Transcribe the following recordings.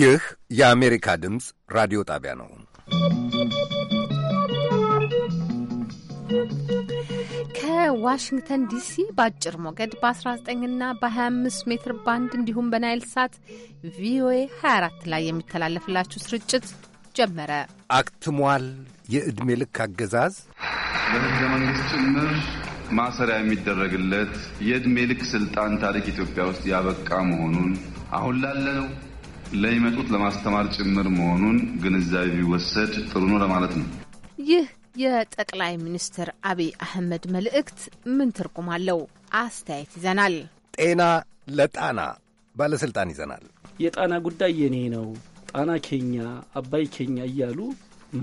ይህ የአሜሪካ ድምፅ ራዲዮ ጣቢያ ነው። ከዋሽንግተን ዲሲ በአጭር ሞገድ በ19 እና በ25 ሜትር ባንድ እንዲሁም በናይል ሳት ቪኦኤ 24 ላይ የሚተላለፍላችሁ ስርጭት ጀመረ። አክትሟል። የዕድሜ ልክ አገዛዝ በሕገ መንግሥት ጭምር ማሰሪያ የሚደረግለት የዕድሜ ልክ ስልጣን ታሪክ ኢትዮጵያ ውስጥ ያበቃ መሆኑን አሁን ላለነው ለይመጡት ለማስተማር ጭምር መሆኑን ግንዛቤ ቢወሰድ ጥሩ ነው ለማለት ነው። ይህ የጠቅላይ ሚኒስትር አብይ አህመድ መልእክት ምን ትርጉም አለው? አስተያየት ይዘናል። ጤና ለጣና ባለስልጣን ይዘናል። የጣና ጉዳይ የኔ ነው፣ ጣና ኬኛ፣ አባይ ኬኛ እያሉ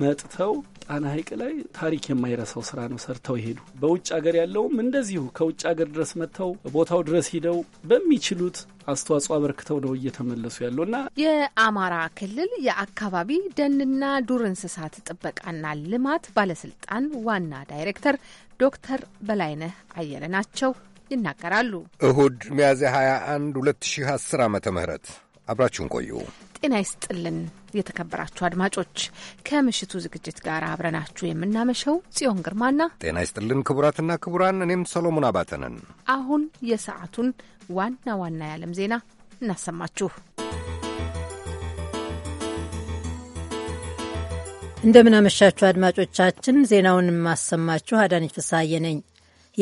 መጥተው ጣና ሐይቅ ላይ ታሪክ የማይረሳው ስራ ነው ሰርተው ይሄዱ። በውጭ ሀገር ያለውም እንደዚሁ ከውጭ ሀገር ድረስ መጥተው ቦታው ድረስ ሂደው በሚችሉት አስተዋጽኦ አበርክተው ነው እየተመለሱ ያለው እና የአማራ ክልል የአካባቢ ደንና ዱር እንስሳት ጥበቃና ልማት ባለስልጣን ዋና ዳይሬክተር ዶክተር በላይነህ አየለ ናቸው ይናገራሉ። እሁድ ሚያዝያ 21 2010 ዓ ም አብራችሁን ቆዩ። ጤና ይስጥልን የተከበራችሁ አድማጮች፣ ከምሽቱ ዝግጅት ጋር አብረናችሁ የምናመሸው ጽዮን ግርማና ጤና ይስጥልን ክቡራትና ክቡራን፣ እኔም ሰሎሞን አባተ ነን። አሁን የሰዓቱን ዋና ዋና የዓለም ዜና እናሰማችሁ። እንደምናመሻችሁ አድማጮቻችን፣ ዜናውን የማሰማችሁ አዳነች ፍሳዬ ነኝ።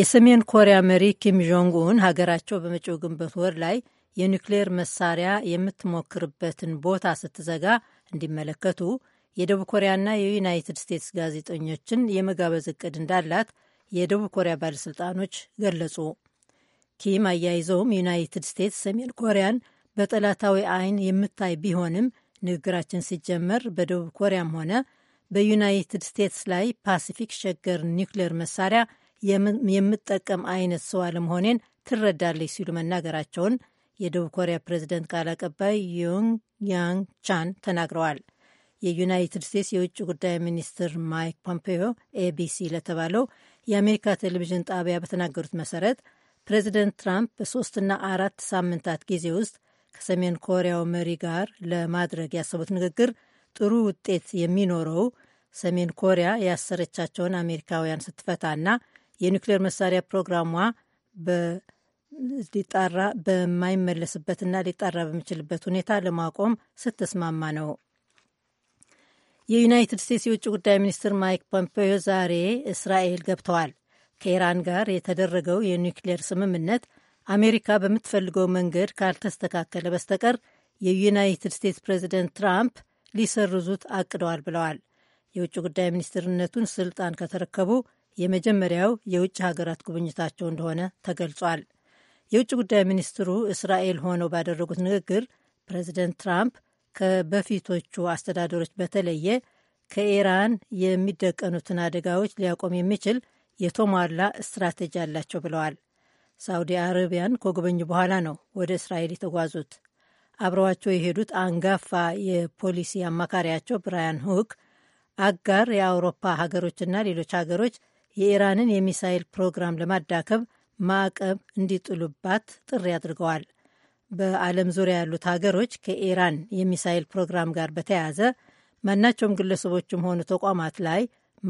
የሰሜን ኮሪያ መሪ ኪም ጆንግ ኡን ሀገራቸው በመጪው ግንቦት ወር ላይ የኒውክሌር መሳሪያ የምትሞክርበትን ቦታ ስትዘጋ እንዲመለከቱ የደቡብ ኮሪያና የዩናይትድ ስቴትስ ጋዜጠኞችን የመጋበዝ እቅድ እንዳላት የደቡብ ኮሪያ ባለሥልጣኖች ገለጹ። ኪም አያይዘውም ዩናይትድ ስቴትስ ሰሜን ኮሪያን በጠላታዊ አይን የምታይ ቢሆንም ንግግራችን ሲጀመር በደቡብ ኮሪያም ሆነ በዩናይትድ ስቴትስ ላይ ፓሲፊክ ሸገር ኒውክሌር መሳሪያ የምጠቀም አይነት ሰው አለመሆኔን ትረዳለች ሲሉ መናገራቸውን የደቡብ ኮሪያ ፕሬዚደንት ቃል አቀባይ ዩንግ ያንግ ቻን ተናግረዋል። የዩናይትድ ስቴትስ የውጭ ጉዳይ ሚኒስትር ማይክ ፖምፔዮ ኤቢሲ ለተባለው የአሜሪካ ቴሌቪዥን ጣቢያ በተናገሩት መሰረት ፕሬዚደንት ትራምፕ በሶስትና አራት ሳምንታት ጊዜ ውስጥ ከሰሜን ኮሪያው መሪ ጋር ለማድረግ ያሰቡት ንግግር ጥሩ ውጤት የሚኖረው ሰሜን ኮሪያ ያሰረቻቸውን አሜሪካውያን ስትፈታና የኒውክሌር መሳሪያ ፕሮግራሟ ሊጣራ በማይመለስበትና ሊጣራ በሚችልበት ሁኔታ ለማቆም ስትስማማ ነው። የዩናይትድ ስቴትስ የውጭ ጉዳይ ሚኒስትር ማይክ ፖምፔዮ ዛሬ እስራኤል ገብተዋል። ከኢራን ጋር የተደረገው የኒውክሌር ስምምነት አሜሪካ በምትፈልገው መንገድ ካልተስተካከለ በስተቀር የዩናይትድ ስቴትስ ፕሬዚደንት ትራምፕ ሊሰርዙት አቅደዋል ብለዋል። የውጭ ጉዳይ ሚኒስትርነቱን ስልጣን ከተረከቡ የመጀመሪያው የውጭ ሀገራት ጉብኝታቸው እንደሆነ ተገልጿል። የውጭ ጉዳይ ሚኒስትሩ እስራኤል ሆነው ባደረጉት ንግግር ፕሬዚደንት ትራምፕ ከበፊቶቹ አስተዳደሮች በተለየ ከኢራን የሚደቀኑትን አደጋዎች ሊያቆም የሚችል የተሟላ ስትራቴጂ አላቸው ብለዋል። ሳውዲ አረቢያን ከጎበኙ በኋላ ነው ወደ እስራኤል የተጓዙት። አብረዋቸው የሄዱት አንጋፋ የፖሊሲ አማካሪያቸው ብራያን ሁክ አጋር የአውሮፓ ሀገሮችና ሌሎች ሀገሮች የኢራንን የሚሳይል ፕሮግራም ለማዳከብ ማዕቀብ እንዲጥሉባት ጥሪ አድርገዋል። በዓለም ዙሪያ ያሉት ሀገሮች ከኢራን የሚሳይል ፕሮግራም ጋር በተያያዘ ማናቸውም ግለሰቦችም ሆኑ ተቋማት ላይ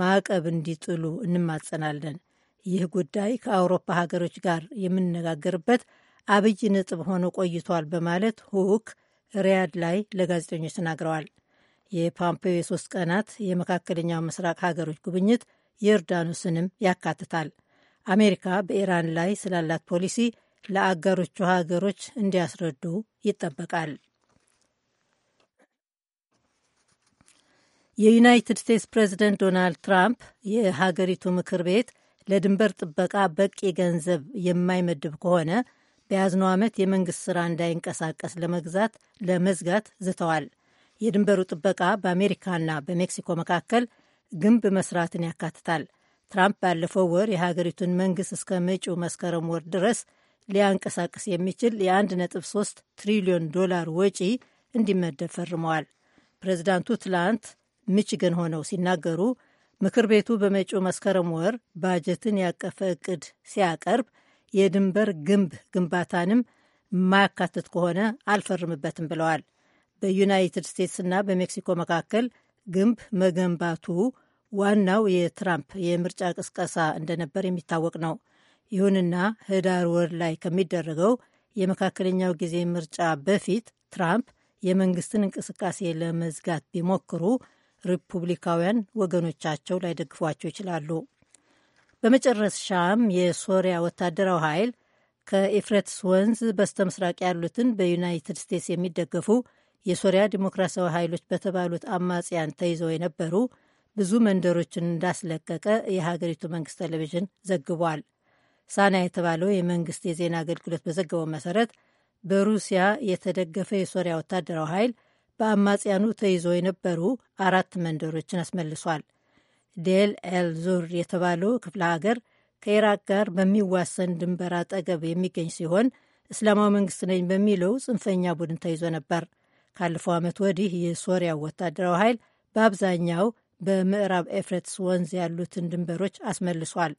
ማዕቀብ እንዲጥሉ እንማጸናለን። ይህ ጉዳይ ከአውሮፓ ሀገሮች ጋር የምንነጋገርበት አብይ ነጥብ ሆኖ ቆይቷል በማለት ሁክ ሪያድ ላይ ለጋዜጠኞች ተናግረዋል። የፓምፔዮ የሶስት ቀናት የመካከለኛው ምስራቅ ሀገሮች ጉብኝት ዮርዳኖስንም ያካትታል። አሜሪካ በኢራን ላይ ስላላት ፖሊሲ ለአጋሮቹ ሀገሮች እንዲያስረዱ ይጠበቃል። የዩናይትድ ስቴትስ ፕሬዚደንት ዶናልድ ትራምፕ የሀገሪቱ ምክር ቤት ለድንበር ጥበቃ በቂ ገንዘብ የማይመድብ ከሆነ በያዝነው ዓመት የመንግሥት ሥራ እንዳይንቀሳቀስ ለመግዛት ለመዝጋት ዝተዋል። የድንበሩ ጥበቃ በአሜሪካና በሜክሲኮ መካከል ግንብ መስራትን ያካትታል። ትራምፕ ባለፈው ወር የሀገሪቱን መንግስት እስከ መጪው መስከረም ወር ድረስ ሊያንቀሳቅስ የሚችል የ1.3 ትሪሊዮን ዶላር ወጪ እንዲመደብ ፈርመዋል። ፕሬዚዳንቱ ትላንት ሚችገን ሆነው ሲናገሩ ምክር ቤቱ በመጪው መስከረም ወር ባጀትን ያቀፈ እቅድ ሲያቀርብ የድንበር ግንብ ግንባታንም የማያካትት ከሆነ አልፈርምበትም ብለዋል። በዩናይትድ ስቴትስና በሜክሲኮ መካከል ግንብ መገንባቱ ዋናው የትራምፕ የምርጫ ቅስቀሳ እንደነበር የሚታወቅ ነው። ይሁንና ህዳር ወር ላይ ከሚደረገው የመካከለኛው ጊዜ ምርጫ በፊት ትራምፕ የመንግስትን እንቅስቃሴ ለመዝጋት ቢሞክሩ ሪፑብሊካውያን ወገኖቻቸው ላይደግፏቸው ይችላሉ። በመጨረሻም የሶሪያ ወታደራዊ ኃይል ከኤፍረትስ ወንዝ በስተ ምስራቅ ያሉትን በዩናይትድ ስቴትስ የሚደገፉ የሶሪያ ዲሞክራሲያዊ ኃይሎች በተባሉት አማጽያን ተይዘው የነበሩ ብዙ መንደሮችን እንዳስለቀቀ የሀገሪቱ መንግስት ቴሌቪዥን ዘግቧል። ሳና የተባለው የመንግስት የዜና አገልግሎት በዘገበው መሰረት በሩሲያ የተደገፈ የሶሪያ ወታደራዊ ኃይል በአማጽያኑ ተይዞ የነበሩ አራት መንደሮችን አስመልሷል። ዴል ኤል ዙር የተባለው ክፍለ ሀገር ከኢራቅ ጋር በሚዋሰን ድንበር አጠገብ የሚገኝ ሲሆን እስላማዊ መንግስት ነኝ በሚለው ጽንፈኛ ቡድን ተይዞ ነበር። ካለፈው ዓመት ወዲህ የሶሪያ ወታደራዊ ኃይል በአብዛኛው በምዕራብ ኤፍረትስ ወንዝ ያሉትን ድንበሮች አስመልሷል።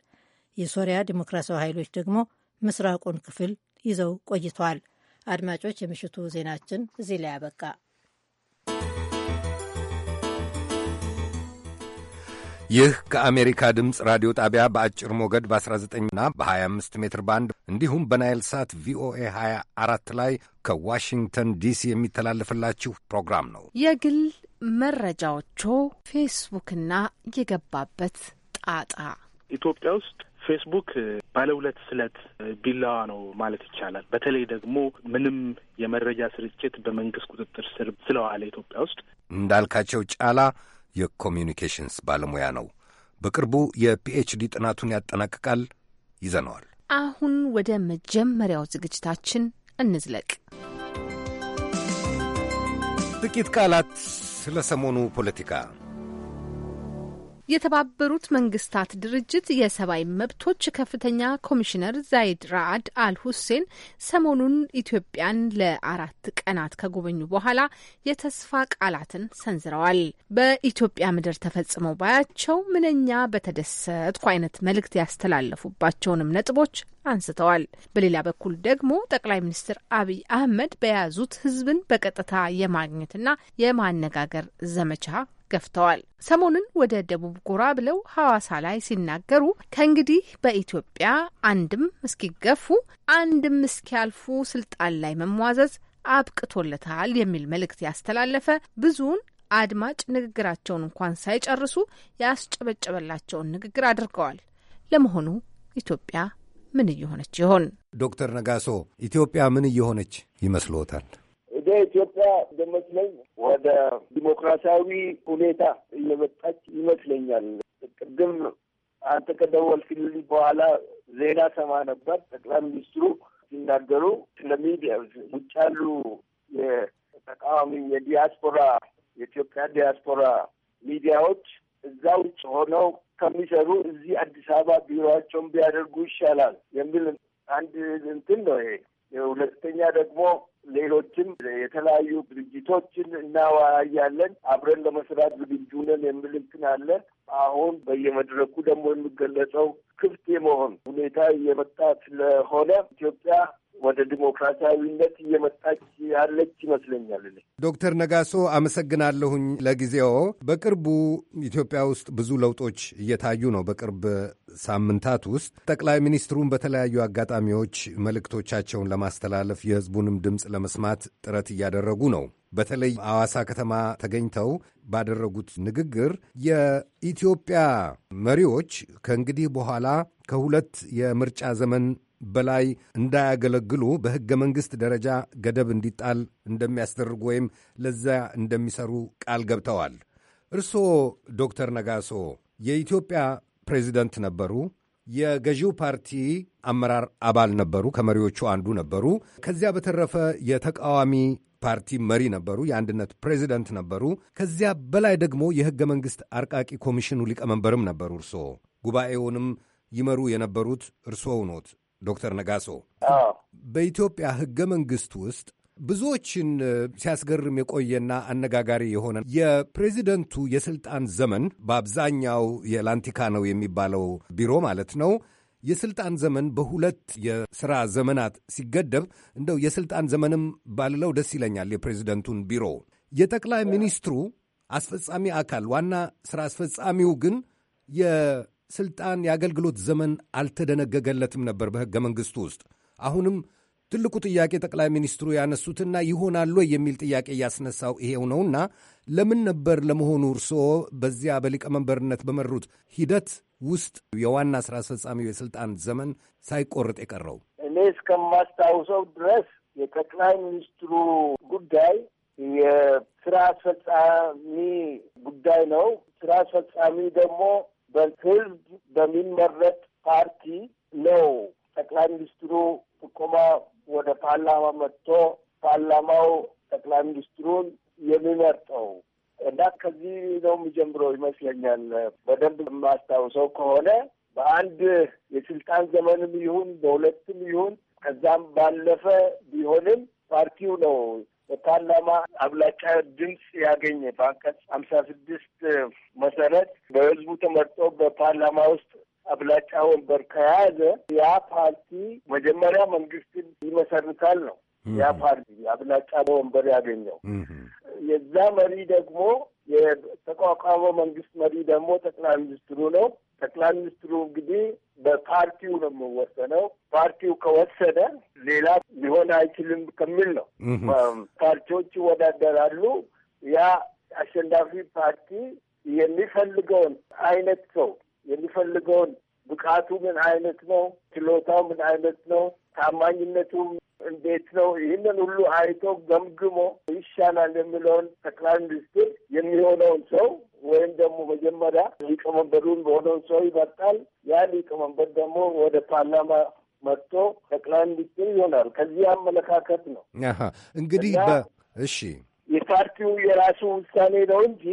የሶሪያ ዲሞክራሲያዊ ኃይሎች ደግሞ ምስራቁን ክፍል ይዘው ቆይተዋል። አድማጮች፣ የምሽቱ ዜናችን እዚህ ላይ አበቃ። ይህ ከአሜሪካ ድምፅ ራዲዮ ጣቢያ በአጭር ሞገድ በ19ና በ25 ሜትር ባንድ እንዲሁም በናይል ሳት ቪኦኤ 24 ላይ ከዋሽንግተን ዲሲ የሚተላለፍላችሁ ፕሮግራም ነው። የግል መረጃዎቹ ፌስቡክና የገባበት ጣጣ ኢትዮጵያ ውስጥ ፌስቡክ ባለ ሁለት ስለት ቢላዋ ነው ማለት ይቻላል። በተለይ ደግሞ ምንም የመረጃ ስርጭት በመንግስት ቁጥጥር ስር ስለዋለ ኢትዮጵያ ውስጥ እንዳልካቸው ጫላ የኮሚኒኬሽንስ ባለሙያ ነው። በቅርቡ የፒኤችዲ ጥናቱን ያጠናቅቃል። ይዘነዋል። አሁን ወደ መጀመሪያው ዝግጅታችን እንዝለቅ። ጥቂት ቃላት ስለ ሰሞኑ ፖለቲካ የተባበሩት መንግስታት ድርጅት የሰብአዊ መብቶች ከፍተኛ ኮሚሽነር ዛይድ ራአድ አል ሁሴን ሰሞኑን ኢትዮጵያን ለአራት ቀናት ከጎበኙ በኋላ የተስፋ ቃላትን ሰንዝረዋል። በኢትዮጵያ ምድር ተፈጽመው ባያቸው ምንኛ በተደሰትኩ አይነት መልእክት ያስተላለፉባቸውንም ነጥቦች አንስተዋል። በሌላ በኩል ደግሞ ጠቅላይ ሚኒስትር አብይ አህመድ በያዙት ህዝብን በቀጥታ የማግኘትና የማነጋገር ዘመቻ ገፍተዋል። ሰሞኑን ወደ ደቡብ ጎራ ብለው ሐዋሳ ላይ ሲናገሩ ከእንግዲህ በኢትዮጵያ አንድም እስኪገፉ አንድም እስኪያልፉ ስልጣን ላይ መሟዘዝ አብቅቶለታል የሚል መልእክት ያስተላለፈ ብዙውን አድማጭ ንግግራቸውን እንኳን ሳይጨርሱ ያስጨበጨበላቸውን ንግግር አድርገዋል። ለመሆኑ ኢትዮጵያ ምን እየሆነች ይሆን? ዶክተር ነጋሶ ኢትዮጵያ ምን እየሆነች ይመስልዎታል? ወደ ኢትዮጵያ እንደመስለኝ ወደ ዲሞክራሲያዊ ሁኔታ እየመጣች ይመስለኛል። ቅድም አንተ ከደወልክልኝ በኋላ ዜና ሰማ ነበር። ጠቅላይ ሚኒስትሩ ሲናገሩ ስለ ሚዲያ ውጭ ያሉ የተቃዋሚ የዲያስፖራ የኢትዮጵያ ዲያስፖራ ሚዲያዎች እዛ ውጭ ሆነው ከሚሰሩ እዚህ አዲስ አበባ ቢሮቸውን ቢያደርጉ ይሻላል የሚል አንድ እንትን ነው ይሄ። ሁለተኛ ደግሞ ሌሎችም የተለያዩ ድርጅቶችን እናወያያለን። አብረን ለመስራት ዝግጁ ነን የሚል እንትን አለ። አሁን በየመድረኩ ደግሞ የሚገለጸው ክፍት የመሆን ሁኔታ የመጣ ስለሆነ ኢትዮጵያ ወደ ዲሞክራሲያዊነት እየመጣች ያለች ይመስለኛል። ዶክተር ነጋሶ አመሰግናለሁኝ ለጊዜው። በቅርቡ ኢትዮጵያ ውስጥ ብዙ ለውጦች እየታዩ ነው። በቅርብ ሳምንታት ውስጥ ጠቅላይ ሚኒስትሩን በተለያዩ አጋጣሚዎች መልእክቶቻቸውን ለማስተላለፍ የህዝቡንም ድምፅ ለመስማት ጥረት እያደረጉ ነው። በተለይ አዋሳ ከተማ ተገኝተው ባደረጉት ንግግር የኢትዮጵያ መሪዎች ከእንግዲህ በኋላ ከሁለት የምርጫ ዘመን በላይ እንዳያገለግሉ በሕገ መንግሥት ደረጃ ገደብ እንዲጣል እንደሚያስደርጉ ወይም ለዚያ እንደሚሰሩ ቃል ገብተዋል። እርስዎ ዶክተር ነጋሶ የኢትዮጵያ ፕሬዚደንት ነበሩ። የገዢው ፓርቲ አመራር አባል ነበሩ። ከመሪዎቹ አንዱ ነበሩ። ከዚያ በተረፈ የተቃዋሚ ፓርቲ መሪ ነበሩ። የአንድነት ፕሬዚደንት ነበሩ። ከዚያ በላይ ደግሞ የሕገ መንግሥት አርቃቂ ኮሚሽኑ ሊቀመንበርም ነበሩ። እርስዎ ጉባኤውንም ይመሩ የነበሩት እርስዎ ኖት። ዶክተር ነጋሶ በኢትዮጵያ ህገ መንግስት ውስጥ ብዙዎችን ሲያስገርም የቆየና አነጋጋሪ የሆነ የፕሬዚደንቱ የስልጣን ዘመን በአብዛኛው የላንቲካ ነው የሚባለው ቢሮ ማለት ነው የስልጣን ዘመን በሁለት የስራ ዘመናት ሲገደብ እንደው የስልጣን ዘመንም ባልለው ደስ ይለኛል። የፕሬዚደንቱን ቢሮ የጠቅላይ ሚኒስትሩ አስፈጻሚ አካል ዋና ስራ አስፈጻሚው ግን ስልጣን የአገልግሎት ዘመን አልተደነገገለትም ነበር በሕገ መንግሥቱ ውስጥ። አሁንም ትልቁ ጥያቄ ጠቅላይ ሚኒስትሩ ያነሱትና ይሆናል ወይ የሚል ጥያቄ እያስነሳው ይሄው ነውና ለምን ነበር ለመሆኑ እርስዎ በዚያ በሊቀመንበርነት በመሩት ሂደት ውስጥ የዋና ስራ አስፈጻሚው የስልጣን ዘመን ሳይቆርጥ የቀረው? እኔ እስከማስታውሰው ድረስ የጠቅላይ ሚኒስትሩ ጉዳይ የስራ አስፈጻሚ ጉዳይ ነው። ስራ አስፈጻሚ ደግሞ በህዝብ በሚመረጥ ፓርቲ ነው ጠቅላይ ሚኒስትሩ ጥቆማ ወደ ፓርላማ መጥቶ ፓርላማው ጠቅላይ ሚኒስትሩን የሚመርጠው እና ከዚህ ነው የሚጀምረው ይመስለኛል። በደንብ የማስታውሰው ከሆነ በአንድ የስልጣን ዘመንም ይሁን በሁለትም ይሁን ከዛም ባለፈ ቢሆንም ፓርቲው ነው በፓርላማ አብላጫ ድምፅ ያገኘ በአንቀጽ ሀምሳ ስድስት መሰረት በህዝቡ ተመርጦ በፓርላማ ውስጥ አብላጫ ወንበር ከያዘ ያ ፓርቲ መጀመሪያ መንግስትን ይመሰርታል ነው። ያ ፓርቲ አብላጫ ወንበር ያገኘው የዛ መሪ ደግሞ የተቋቋመ መንግስት መሪ ደግሞ ጠቅላይ ሚኒስትሩ ነው። ጠቅላይ ሚኒስትሩ እንግዲህ በፓርቲው ነው የምወሰነው። ፓርቲው ከወሰነ ሌላ ሊሆን አይችልም ከሚል ነው። ፓርቲዎች ይወዳደራሉ። ያ አሸናፊ ፓርቲ የሚፈልገውን አይነት ሰው የሚፈልገውን ብቃቱ ምን አይነት ነው፣ ችሎታው ምን አይነት ነው፣ ታማኝነቱ እንዴት ነው፣ ይህንን ሁሉ አይቶ ገምግሞ ይሻላል የሚለውን ጠቅላይ ሚኒስትር የሚሆነውን ሰው ወይም ደግሞ መጀመሪያ ሊቀመንበሩን በሆነው ሰው ይመጣል። ያ ሊቀመንበር ደግሞ ወደ ፓርላማ መጥቶ ጠቅላይ ሚኒስትር ይሆናል። ከዚህ አመለካከት ነው እንግዲህ እሺ የፓርቲው የራሱ ውሳኔ ነው እንጂ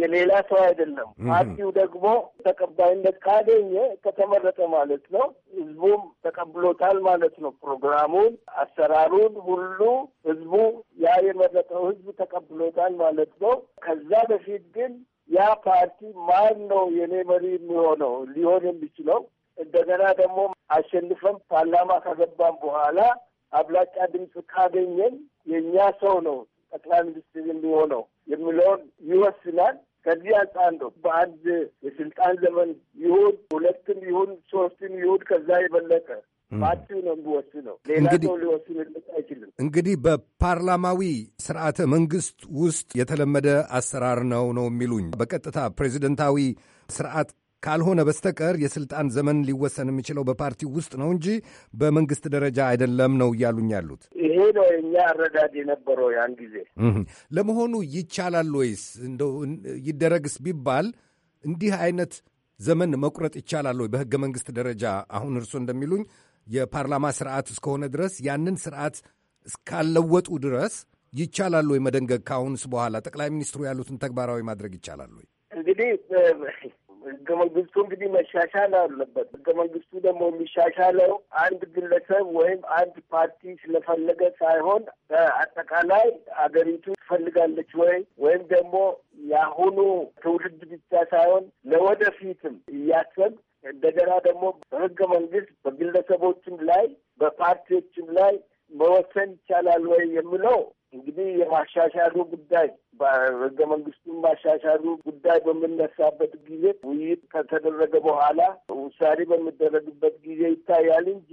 የሌላ ሰው አይደለም። ፓርቲው ደግሞ ተቀባይነት ካገኘ ከተመረጠ ማለት ነው፣ ህዝቡም ተቀብሎታል ማለት ነው። ፕሮግራሙን፣ አሰራሩን ሁሉ ህዝቡ ያ የመረጠው ህዝብ ተቀብሎታል ማለት ነው። ከዛ በፊት ግን ያ ፓርቲ ማን ነው የኔ መሪ የሚሆነው ሊሆን የሚችለው እንደገና ደግሞ አሸንፈን ፓርላማ ከገባን በኋላ አብላጫ ድምፅ ካገኘን የእኛ ሰው ነው ጠቅላይ ሚኒስትር የሚሆነው የሚለውን ይወስናል። ከዚህ አንጻር ነው በአንድ የስልጣን ዘመን ይሁን ሁለትም ይሁን ሶስትም ይሁን ከዛ የበለጠ ፓርቲው ነው የሚወስነው፣ ሌላ ሰው ሊወስንለት አይችልም። እንግዲህ በፓርላማዊ ስርዓተ መንግስት ውስጥ የተለመደ አሰራር ነው ነው የሚሉኝ። በቀጥታ ፕሬዚደንታዊ ስርዓት ካልሆነ በስተቀር የስልጣን ዘመን ሊወሰን የሚችለው በፓርቲው ውስጥ ነው እንጂ በመንግስት ደረጃ አይደለም ነው እያሉኝ ያሉት። ይሄ ነው የእኛ አረዳድ የነበረው ያን ጊዜ። ለመሆኑ ይቻላል ወይስ እንደው ይደረግስ ቢባል እንዲህ አይነት ዘመን መቁረጥ ይቻላል ወይ? በህገ መንግስት ደረጃ አሁን እርሶ እንደሚሉኝ የፓርላማ ስርዓት እስከሆነ ድረስ ያንን ስርዓት እስካለወጡ ድረስ ይቻላል ወይ መደንገግ? ከአሁንስ በኋላ ጠቅላይ ሚኒስትሩ ያሉትን ተግባራዊ ማድረግ ይቻላል ወይ? እንግዲህ ህገ መንግስቱ እንግዲህ መሻሻል አለበት። ህገ መንግስቱ ደግሞ የሚሻሻለው አንድ ግለሰብ ወይም አንድ ፓርቲ ስለፈለገ ሳይሆን በአጠቃላይ አገሪቱ ትፈልጋለች ወይ ወይም ደግሞ የአሁኑ ትውልድ ብቻ ሳይሆን ለወደፊትም እያሰብ እንደገና ደግሞ በህገ መንግስት በግለሰቦችም ላይ በፓርቲዎችም ላይ መወሰን ይቻላል ወይ የሚለው እንግዲህ የማሻሻሉ ጉዳይ በህገ መንግስቱን ማሻሻሉ ጉዳይ በምነሳበት ጊዜ ውይይት ከተደረገ በኋላ ውሳኔ በሚደረግበት ጊዜ ይታያል እንጂ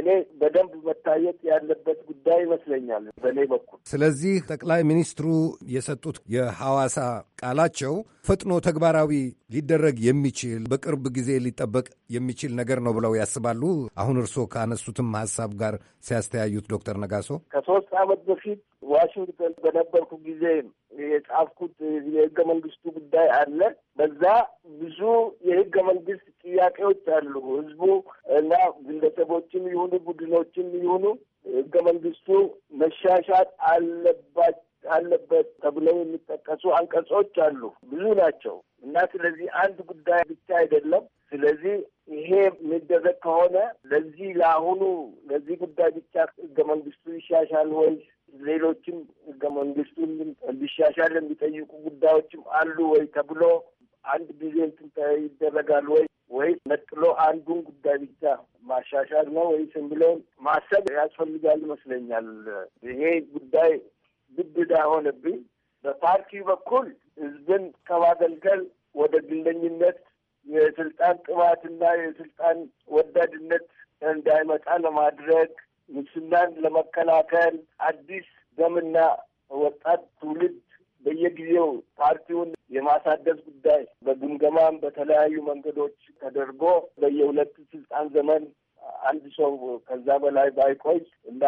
እኔ በደንብ መታየት ያለበት ጉዳይ ይመስለኛል በእኔ በኩል። ስለዚህ ጠቅላይ ሚኒስትሩ የሰጡት የሐዋሳ ቃላቸው ፈጥኖ ተግባራዊ ሊደረግ የሚችል በቅርብ ጊዜ ሊጠበቅ የሚችል ነገር ነው ብለው ያስባሉ? አሁን እርስዎ ካነሱትም ሀሳብ ጋር ሲያስተያዩት ዶክተር ነጋሶ ከሶስት ዓመት በፊት ዋሽንግተን በነበርኩ ጊዜ የጻፍኩት የህገ መንግስቱ ጉዳይ አለ። በዛ ብዙ የህገ መንግስት ጥያቄዎች አሉ። ህዝቡ እና ግለሰቦችም ይሁኑ ቡድኖችም ይሁኑ ህገ መንግስቱ መሻሻል አለባት አለበት ተብለው የሚጠቀሱ አንቀጾች አሉ። ብዙ ናቸው እና ስለዚህ አንድ ጉዳይ ብቻ አይደለም። ስለዚህ ይሄ የሚደረግ ከሆነ ለዚህ ለአሁኑ ለዚህ ጉዳይ ብቻ ህገ መንግስቱ ይሻሻል ወይ? ሌሎችም ህገ መንግስቱን እንዲሻሻል የሚጠይቁ ጉዳዮችም አሉ ወይ ተብሎ አንድ ጊዜ እንትን ይደረጋል ወይ ወይ ነጥሎ አንዱን ጉዳይ ብቻ ማሻሻል ነው ስም ብለውን ማሰብ ያስፈልጋል ይመስለኛል። ይሄ ጉዳይ ግድዳ ሆነብኝ። በፓርቲ በኩል ህዝብን ከማገልገል ወደ ግለኝነት የስልጣን ጥማትና የስልጣን ወዳድነት እንዳይመጣ ለማድረግ ሙስናን ለመከላከል አዲስ ደምና ወጣት ትውልድ በየጊዜው ፓርቲውን የማሳደስ ጉዳይ በግምገማም በተለያዩ መንገዶች ተደርጎ በየሁለት ስልጣን ዘመን አንድ ሰው ከዛ በላይ ባይቆይ እና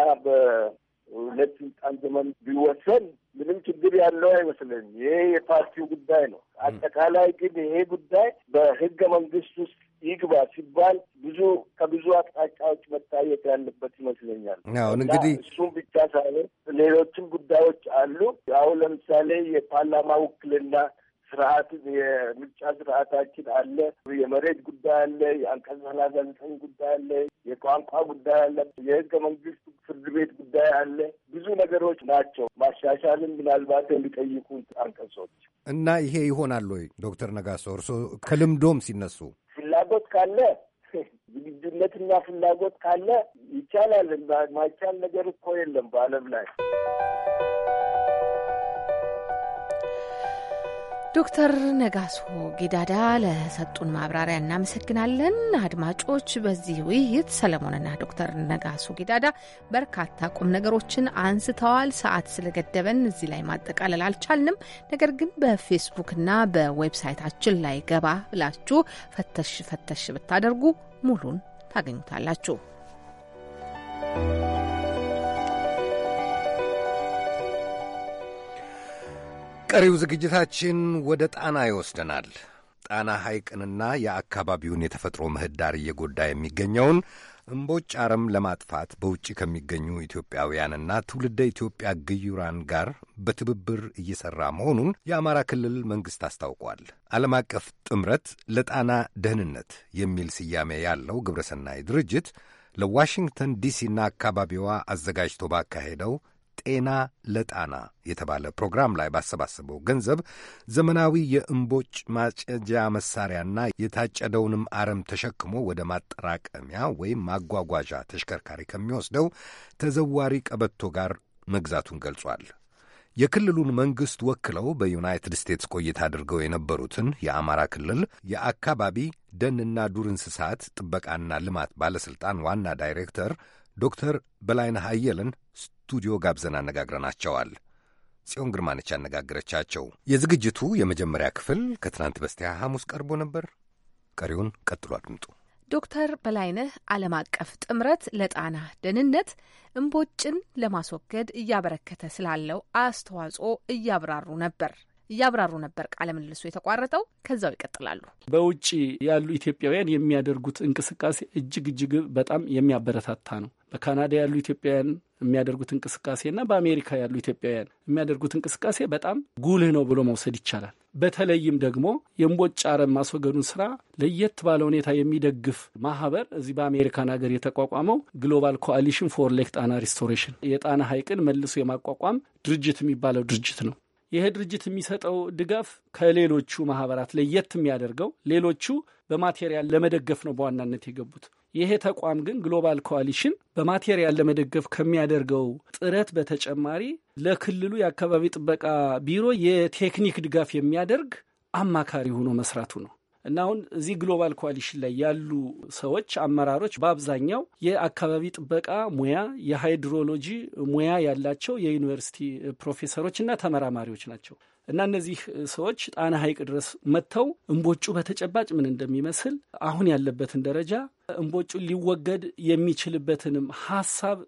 ሁለት ስልጣን ዘመን ቢወሰን ምንም ችግር ያለው አይመስለኝም። ይሄ የፓርቲው ጉዳይ ነው። አጠቃላይ ግን ይሄ ጉዳይ በህገ መንግስት ውስጥ ይግባ ሲባል ብዙ ከብዙ አቅጣጫዎች መታየት ያለበት ይመስለኛል። አሁን እንግዲህ እሱም ብቻ ሳይሆን ሌሎችም ጉዳዮች አሉ። አሁን ለምሳሌ የፓርላማ ውክልና ስርዓት የምርጫ ስርዓታችን አለ። የመሬት ጉዳይ አለ። የአንቀጽ ሰላሳ ዘጠኝ ጉዳይ አለ። የቋንቋ ጉዳይ አለ። የህገ መንግስት ፍርድ ቤት ጉዳይ አለ። ብዙ ነገሮች ናቸው ማሻሻልን ምናልባት የሚጠይቁ አንቀጾች እና ይሄ ይሆናል ወይ ዶክተር ነጋሶ እርሶ ከልምዶም ሲነሱ ፍላጎት ካለ ዝግጁነትና ፍላጎት ካለ ይቻላል። ማይቻል ነገር እኮ የለም በዓለም ላይ ዶክተር ነጋሶ ጊዳዳ ለሰጡን ማብራሪያ እናመሰግናለን። አድማጮች፣ በዚህ ውይይት ሰለሞንና ዶክተር ነጋሶ ጊዳዳ በርካታ ቁም ነገሮችን አንስተዋል። ሰዓት ስለገደበን እዚህ ላይ ማጠቃለል አልቻልንም። ነገር ግን በፌስቡክና በዌብሳይታችን ላይ ገባ ብላችሁ ፈተሽ ፈተሽ ብታደርጉ ሙሉን ታገኙታላችሁ። ቀሪው ዝግጅታችን ወደ ጣና ይወስደናል። ጣና ሐይቅንና የአካባቢውን የተፈጥሮ ምህዳር እየጎዳ የሚገኘውን እምቦጭ አረም ለማጥፋት በውጭ ከሚገኙ ኢትዮጵያውያንና ትውልደ ኢትዮጵያ ግዩራን ጋር በትብብር እየሠራ መሆኑን የአማራ ክልል መንግሥት አስታውቋል። ዓለም አቀፍ ጥምረት ለጣና ደህንነት የሚል ስያሜ ያለው ግብረሰናይ ድርጅት ለዋሽንግተን ዲሲና አካባቢዋ አዘጋጅቶ ባካሄደው ጤና ለጣና የተባለ ፕሮግራም ላይ ባሰባሰበው ገንዘብ ዘመናዊ የእምቦጭ ማጨጃ መሳሪያና የታጨደውንም አረም ተሸክሞ ወደ ማጠራቀሚያ ወይም ማጓጓዣ ተሽከርካሪ ከሚወስደው ተዘዋሪ ቀበቶ ጋር መግዛቱን ገልጿል። የክልሉን መንግሥት ወክለው በዩናይትድ ስቴትስ ቆይታ አድርገው የነበሩትን የአማራ ክልል የአካባቢ ደንና ዱር እንስሳት ጥበቃና ልማት ባለሥልጣን ዋና ዳይሬክተር ዶክተር በላይነህ ሀየልን ስቱዲዮ ጋብዘን አነጋግረናቸዋል። ጽዮን ግርማነች ያነጋግረቻቸው። የዝግጅቱ የመጀመሪያ ክፍል ከትናንት በስቲያ ሐሙስ ቀርቦ ነበር። ቀሪውን ቀጥሎ አድምጡ። ዶክተር በላይነህ ዓለም አቀፍ ጥምረት ለጣና ደህንነት እምቦጭን ለማስወገድ እያበረከተ ስላለው አስተዋጽኦ እያብራሩ ነበር እያብራሩ ነበር ቃለ ምልልሱ የተቋረጠው። ከዛው ይቀጥላሉ። በውጭ ያሉ ኢትዮጵያውያን የሚያደርጉት እንቅስቃሴ እጅግ እጅግ በጣም የሚያበረታታ ነው። በካናዳ ያሉ ኢትዮጵያውያን የሚያደርጉት እንቅስቃሴ እና በአሜሪካ ያሉ ኢትዮጵያውያን የሚያደርጉት እንቅስቃሴ በጣም ጉልህ ነው ብሎ መውሰድ ይቻላል። በተለይም ደግሞ የእምቦጭ አረም ማስወገዱን ስራ ለየት ባለ ሁኔታ የሚደግፍ ማህበር እዚህ በአሜሪካን ሀገር የተቋቋመው ግሎባል ኮአሊሽን ፎር ሌክ ጣና ሪስቶሬሽን የጣና ሐይቅን መልሶ የማቋቋም ድርጅት የሚባለው ድርጅት ነው። ይሄ ድርጅት የሚሰጠው ድጋፍ ከሌሎቹ ማህበራት ለየት የሚያደርገው ሌሎቹ በማቴሪያል ለመደገፍ ነው በዋናነት የገቡት። ይሄ ተቋም ግን ግሎባል ኮሊሽን በማቴሪያል ለመደገፍ ከሚያደርገው ጥረት በተጨማሪ ለክልሉ የአካባቢ ጥበቃ ቢሮ የቴክኒክ ድጋፍ የሚያደርግ አማካሪ ሆኖ መስራቱ ነው እና አሁን እዚህ ግሎባል ኮሊሽን ላይ ያሉ ሰዎች አመራሮች በአብዛኛው የአካባቢ ጥበቃ ሙያ፣ የሃይድሮሎጂ ሙያ ያላቸው የዩኒቨርሲቲ ፕሮፌሰሮች እና ተመራማሪዎች ናቸው። እና እነዚህ ሰዎች ጣና ሐይቅ ድረስ መጥተው እምቦጩ በተጨባጭ ምን እንደሚመስል አሁን ያለበትን ደረጃ እንቦጩ ሊወገድ የሚችልበትንም ሀሳብ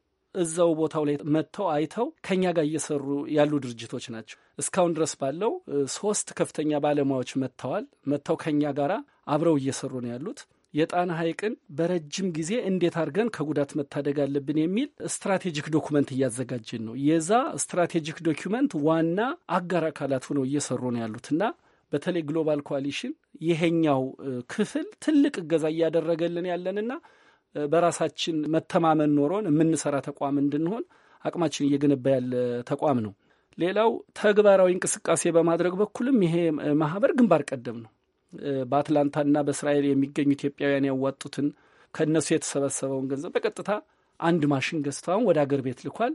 እዛው ቦታው ላይ መጥተው አይተው ከኛ ጋር እየሰሩ ያሉ ድርጅቶች ናቸው። እስካሁን ድረስ ባለው ሶስት ከፍተኛ ባለሙያዎች መጥተዋል። መጥተው ከኛ ጋር አብረው እየሰሩ ነው ያሉት። የጣና ሐይቅን በረጅም ጊዜ እንዴት አድርገን ከጉዳት መታደግ አለብን የሚል ስትራቴጂክ ዶኩመንት እያዘጋጅን ነው። የዛ ስትራቴጂክ ዶኪመንት ዋና አጋር አካላት ሆነው እየሰሩ ነው ያሉት እና በተለይ ግሎባል ኮሊሽን ይሄኛው ክፍል ትልቅ እገዛ እያደረገልን ያለንና በራሳችን መተማመን ኖሮን የምንሰራ ተቋም እንድንሆን አቅማችን እየገነባ ያለ ተቋም ነው። ሌላው ተግባራዊ እንቅስቃሴ በማድረግ በኩልም ይሄ ማህበር ግንባር ቀደም ነው። በአትላንታና በእስራኤል የሚገኙ ኢትዮጵያውያን ያዋጡትን ከእነሱ የተሰበሰበውን ገንዘብ በቀጥታ አንድ ማሽን ገዝተውን ወደ አገር ቤት ልኳል።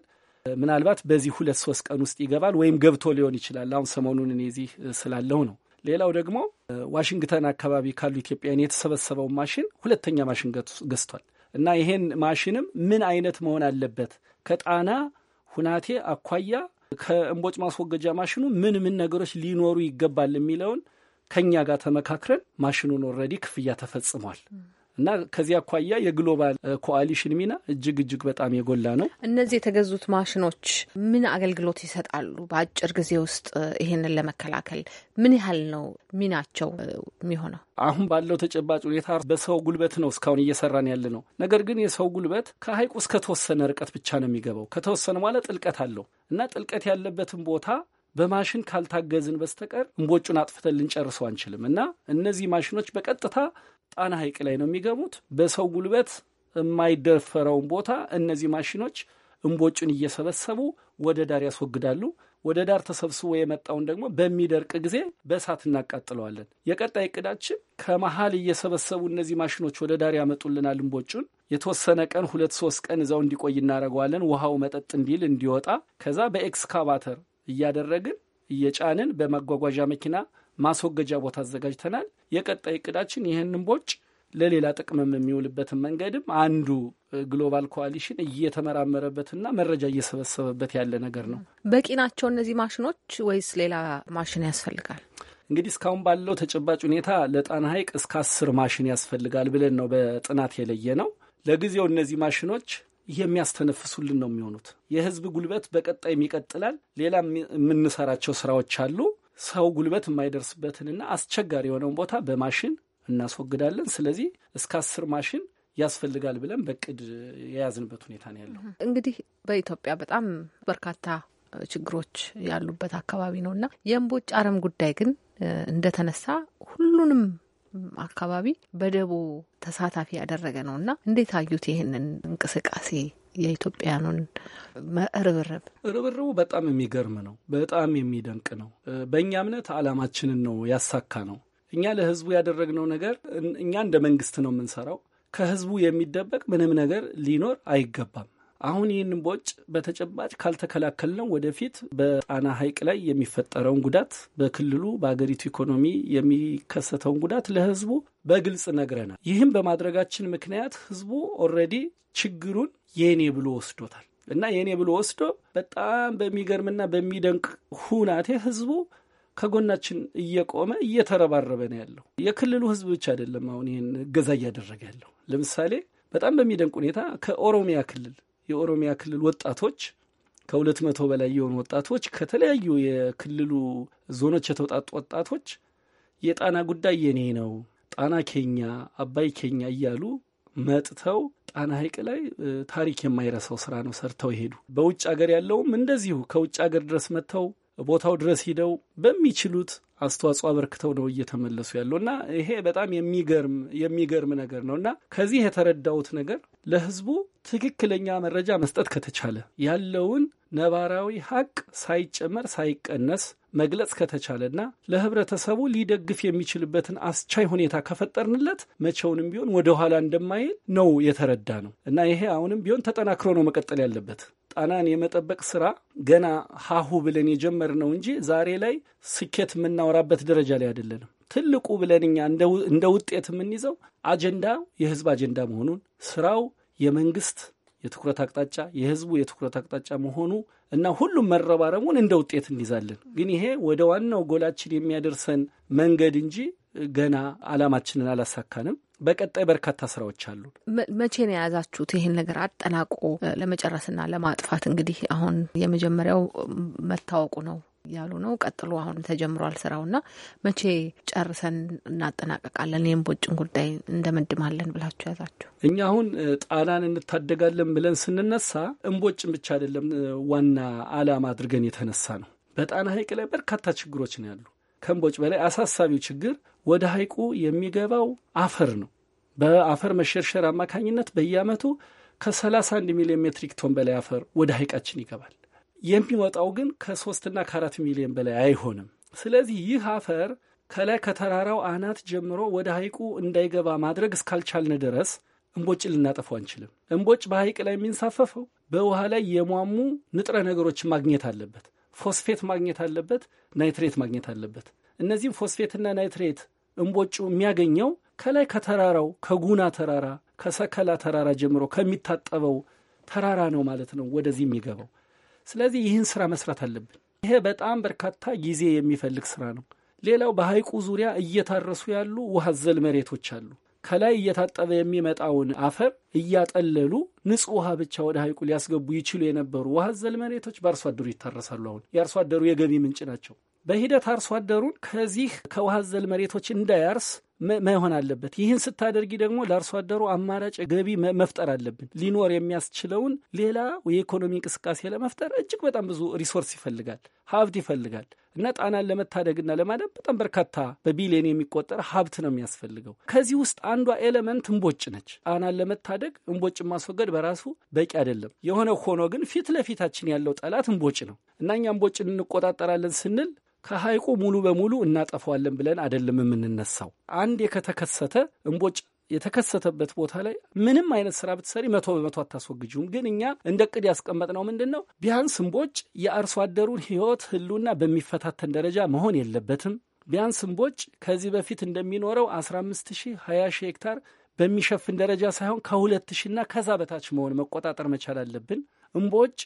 ምናልባት በዚህ ሁለት ሶስት ቀን ውስጥ ይገባል ወይም ገብቶ ሊሆን ይችላል። አሁን ሰሞኑን እኔ እዚህ ስላለው ነው። ሌላው ደግሞ ዋሽንግተን አካባቢ ካሉ ኢትዮጵያውያን የተሰበሰበው ማሽን ሁለተኛ ማሽን ገዝቷል እና ይሄን ማሽንም ምን አይነት መሆን አለበት ከጣና ሁናቴ አኳያ ከእንቦጭ ማስወገጃ ማሽኑ ምን ምን ነገሮች ሊኖሩ ይገባል የሚለውን ከእኛ ጋር ተመካክረን ማሽኑን ኦልሬዲ ክፍያ ተፈጽሟል። እና ከዚህ አኳያ የግሎባል ኮአሊሽን ሚና እጅግ እጅግ በጣም የጎላ ነው። እነዚህ የተገዙት ማሽኖች ምን አገልግሎት ይሰጣሉ? በአጭር ጊዜ ውስጥ ይህንን ለመከላከል ምን ያህል ነው ሚናቸው የሚሆነው? አሁን ባለው ተጨባጭ ሁኔታ በሰው ጉልበት ነው እስካሁን እየሰራን ያለ ነው። ነገር ግን የሰው ጉልበት ከሀይቁ እስከ ተወሰነ ርቀት ብቻ ነው የሚገባው። ከተወሰነ በኋላ ጥልቀት አለው እና ጥልቀት ያለበትን ቦታ በማሽን ካልታገዝን በስተቀር እንቦጩን አጥፍተን ልንጨርሰው አንችልም እና እነዚህ ማሽኖች በቀጥታ ጣና ሐይቅ ላይ ነው የሚገቡት። በሰው ጉልበት የማይደፈረውን ቦታ እነዚህ ማሽኖች እምቦጩን እየሰበሰቡ ወደ ዳር ያስወግዳሉ። ወደ ዳር ተሰብስቦ የመጣውን ደግሞ በሚደርቅ ጊዜ በእሳት እናቃጥለዋለን። የቀጣይ እቅዳችን ከመሀል እየሰበሰቡ እነዚህ ማሽኖች ወደ ዳር ያመጡልናል እምቦጩን። የተወሰነ ቀን ሁለት ሶስት ቀን እዛው እንዲቆይ እናደርገዋለን። ውሃው መጠጥ እንዲል እንዲወጣ። ከዛ በኤክስካቫተር እያደረግን እየጫንን በማጓጓዣ መኪና ማስወገጃ ቦታ አዘጋጅተናል። የቀጣይ እቅዳችን ይህንን ቦጭ ለሌላ ጥቅምም የሚውልበትን መንገድም አንዱ ግሎባል ኮአሊሽን እየተመራመረበትና መረጃ እየሰበሰበበት ያለ ነገር ነው። በቂ ናቸው እነዚህ ማሽኖች ወይስ ሌላ ማሽን ያስፈልጋል? እንግዲህ እስካሁን ባለው ተጨባጭ ሁኔታ ለጣና ሐይቅ እስከ አስር ማሽን ያስፈልጋል ብለን ነው በጥናት የለየ ነው። ለጊዜው እነዚህ ማሽኖች የሚያስተነፍሱልን ነው የሚሆኑት። የህዝብ ጉልበት በቀጣይም ይቀጥላል። ሌላ የምንሰራቸው ስራዎች አሉ። ሰው ጉልበት የማይደርስበትንና አስቸጋሪ የሆነውን ቦታ በማሽን እናስወግዳለን። ስለዚህ እስከ አስር ማሽን ያስፈልጋል ብለን በእቅድ የያዝንበት ሁኔታ ነው ያለው። እንግዲህ በኢትዮጵያ በጣም በርካታ ችግሮች ያሉበት አካባቢ ነው እና የእምቦጭ አረም ጉዳይ ግን እንደተነሳ ሁሉንም አካባቢ በደቦ ተሳታፊ ያደረገ ነው እና እንዴት አዩት ይህንን እንቅስቃሴ? የኢትዮጵያኑን ርብርብ ርብርቡ በጣም የሚገርም ነው። በጣም የሚደንቅ ነው። በእኛ እምነት አላማችንን ነው ያሳካ ነው። እኛ ለህዝቡ ያደረግነው ነገር እኛ እንደ መንግስት ነው የምንሰራው። ከህዝቡ የሚደበቅ ምንም ነገር ሊኖር አይገባም። አሁን ይህንን ቦጭ በተጨባጭ ካልተከላከልነው ወደፊት በጣና ሐይቅ ላይ የሚፈጠረውን ጉዳት፣ በክልሉ በአገሪቱ ኢኮኖሚ የሚከሰተውን ጉዳት ለህዝቡ በግልጽ ነግረናል። ይህም በማድረጋችን ምክንያት ህዝቡ ኦልሬዲ ችግሩን የኔ ብሎ ወስዶታል እና የኔ ብሎ ወስዶ በጣም በሚገርምና በሚደንቅ ሁናቴ ህዝቡ ከጎናችን እየቆመ እየተረባረበ ነው ያለው። የክልሉ ህዝብ ብቻ አይደለም አሁን ይህን እገዛ እያደረገ ያለው። ለምሳሌ በጣም በሚደንቅ ሁኔታ ከኦሮሚያ ክልል የኦሮሚያ ክልል ወጣቶች ከሁለት መቶ በላይ የሆኑ ወጣቶች ከተለያዩ የክልሉ ዞኖች የተውጣጡ ወጣቶች የጣና ጉዳይ የኔ ነው፣ ጣና ኬኛ፣ አባይ ኬኛ እያሉ መጥተው ጣና ሐይቅ ላይ ታሪክ የማይረሳው ስራ ነው ሰርተው ይሄዱ። በውጭ ሀገር ያለውም እንደዚሁ ከውጭ ሀገር ድረስ መጥተው ቦታው ድረስ ሂደው በሚችሉት አስተዋጽኦ አበርክተው ነው እየተመለሱ ያለው እና ይሄ በጣም የሚገርም ነገር ነው እና ከዚህ የተረዳሁት ነገር ለህዝቡ ትክክለኛ መረጃ መስጠት ከተቻለ ያለውን ነባራዊ ሀቅ ሳይጨመር ሳይቀነስ መግለጽ ከተቻለና ለህብረተሰቡ ሊደግፍ የሚችልበትን አስቻይ ሁኔታ ከፈጠርንለት መቼውንም ቢሆን ወደኋላ እንደማይል ነው የተረዳ ነው እና ይሄ አሁንም ቢሆን ተጠናክሮ ነው መቀጠል ያለበት። ጣናን የመጠበቅ ስራ ገና ሀሁ ብለን የጀመርነው እንጂ ዛሬ ላይ ስኬት የምናወራበት ደረጃ ላይ አይደለንም። ትልቁ ብለን እኛ እንደ ውጤት የምንይዘው አጀንዳው የህዝብ አጀንዳ መሆኑን ስራው የመንግስት የትኩረት አቅጣጫ የህዝቡ የትኩረት አቅጣጫ መሆኑ እና ሁሉም መረባረቡን እንደ ውጤት እንይዛለን። ግን ይሄ ወደ ዋናው ጎላችን የሚያደርሰን መንገድ እንጂ ገና አላማችንን አላሳካንም። በቀጣይ በርካታ ስራዎች አሉ። መቼ ነው የያዛችሁት ይህን ነገር አጠናቆ ለመጨረስና ለማጥፋት? እንግዲህ አሁን የመጀመሪያው መታወቁ ነው ያሉ ነው። ቀጥሎ አሁን ተጀምሯል ስራውና መቼ ጨርሰን እናጠናቀቃለን የእምቦጭን ጉዳይ እንደመድማለን ብላችሁ ያዛችሁ? እኛ አሁን ጣናን እንታደጋለን ብለን ስንነሳ እምቦጭን ብቻ አይደለም ዋና አላማ አድርገን የተነሳ ነው። በጣና ሐይቅ ላይ በርካታ ችግሮች ነው ያሉ። ከእምቦጭ በላይ አሳሳቢው ችግር ወደ ሐይቁ የሚገባው አፈር ነው። በአፈር መሸርሸር አማካኝነት በየአመቱ ከ31 ሚሊዮን ሜትሪክ ቶን በላይ አፈር ወደ ሐይቃችን ይገባል። የሚወጣው ግን ከሶስትና ከአራት ሚሊዮን በላይ አይሆንም። ስለዚህ ይህ አፈር ከላይ ከተራራው አናት ጀምሮ ወደ ሐይቁ እንዳይገባ ማድረግ እስካልቻልን ድረስ እምቦጭ ልናጠፉ አንችልም። እምቦጭ በሐይቅ ላይ የሚንሳፈፈው በውሃ ላይ የሟሙ ንጥረ ነገሮች ማግኘት አለበት። ፎስፌት ማግኘት አለበት፣ ናይትሬት ማግኘት አለበት። እነዚህም ፎስፌትና ናይትሬት እምቦጩ የሚያገኘው ከላይ ከተራራው ከጉና ተራራ ከሰከላ ተራራ ጀምሮ ከሚታጠበው ተራራ ነው ማለት ነው ወደዚህ የሚገባው ስለዚህ ይህን ስራ መስራት አለብን። ይሄ በጣም በርካታ ጊዜ የሚፈልግ ስራ ነው። ሌላው በሐይቁ ዙሪያ እየታረሱ ያሉ ውሃ ዘል መሬቶች አሉ። ከላይ እየታጠበ የሚመጣውን አፈር እያጠለሉ ንጹህ ውሃ ብቻ ወደ ሐይቁ ሊያስገቡ ይችሉ የነበሩ ውሃ አዘል መሬቶች በአርሶ አደሩ ይታረሳሉ። አሁን የአርሶ አደሩ የገቢ ምንጭ ናቸው። በሂደት አርሶ አደሩን ከዚህ ከውሃ ዘል መሬቶች እንዳያርስ መሆን አለበት። ይህን ስታደርጊ ደግሞ ለአርሶ አደሩ አማራጭ ገቢ መፍጠር አለብን። ሊኖር የሚያስችለውን ሌላ የኢኮኖሚ እንቅስቃሴ ለመፍጠር እጅግ በጣም ብዙ ሪሶርስ ይፈልጋል፣ ሀብት ይፈልጋል እና ጣናን ለመታደግና ለማደብ በጣም በርካታ በቢሊዮን የሚቆጠር ሀብት ነው የሚያስፈልገው። ከዚህ ውስጥ አንዷ ኤሌመንት እንቦጭ ነች። ጣናን ለመታደግ እንቦጭ ማስወገድ በራሱ በቂ አይደለም። የሆነ ሆኖ ግን ፊት ለፊታችን ያለው ጠላት እንቦጭ ነው እና እኛ እንቦጭን እንቆጣጠራለን ስንል ከሐይቁ ሙሉ በሙሉ እናጠፋዋለን ብለን አይደለም የምንነሳው። አንድ ከተከሰተ እምቦጭ የተከሰተበት ቦታ ላይ ምንም አይነት ስራ ብትሰሪ መቶ በመቶ አታስወግጅውም። ግን እኛ እንደ ቅድ ያስቀመጥነው ምንድን ነው? ቢያንስ እምቦጭ የአርሶ አደሩን ህይወት ህሉና በሚፈታተን ደረጃ መሆን የለበትም። ቢያንስ እምቦጭ ከዚህ በፊት እንደሚኖረው 15 ሺህ 20 ሺህ ሄክታር በሚሸፍን ደረጃ ሳይሆን ከሁለት ሺህ እና ከዛ በታች መሆን መቆጣጠር መቻል አለብን። እምቦጭ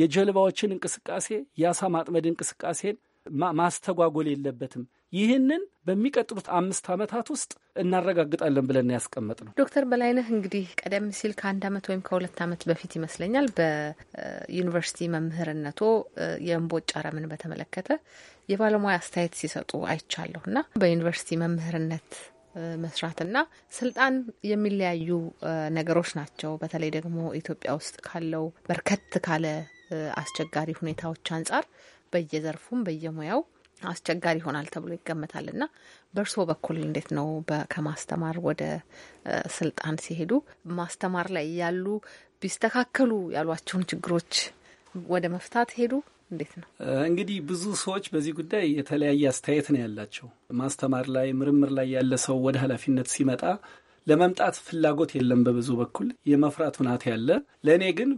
የጀልባዎችን እንቅስቃሴ፣ የአሳ ማጥመድ እንቅስቃሴን ማስተጓጎል የለበትም። ይህንን በሚቀጥሉት አምስት ዓመታት ውስጥ እናረጋግጣለን ብለን ያስቀመጥ ነው። ዶክተር በላይነህ እንግዲህ ቀደም ሲል ከአንድ ዓመት ወይም ከሁለት ዓመት በፊት ይመስለኛል በዩኒቨርሲቲ መምህርነቶ የእምቦጭ አረምን በተመለከተ የባለሙያ አስተያየት ሲሰጡ አይቻለሁ እና በዩኒቨርሲቲ መምህርነት መስራትና ስልጣን የሚለያዩ ነገሮች ናቸው። በተለይ ደግሞ ኢትዮጵያ ውስጥ ካለው በርከት ካለ አስቸጋሪ ሁኔታዎች አንጻር በየዘርፉም በየሙያው አስቸጋሪ ይሆናል ተብሎ ይገመታል። እና በእርስዎ በኩል እንዴት ነው ከማስተማር ወደ ስልጣን ሲሄዱ ማስተማር ላይ ያሉ ቢስተካከሉ ያሏቸውን ችግሮች ወደ መፍታት ሄዱ? እንዴት ነው እንግዲህ ብዙ ሰዎች በዚህ ጉዳይ የተለያየ አስተያየት ነው ያላቸው። ማስተማር ላይ ምርምር ላይ ያለ ሰው ወደ ኃላፊነት ሲመጣ ለመምጣት ፍላጎት የለም። በብዙ በኩል የመፍራት ሁናት ያለ ለእኔ ግን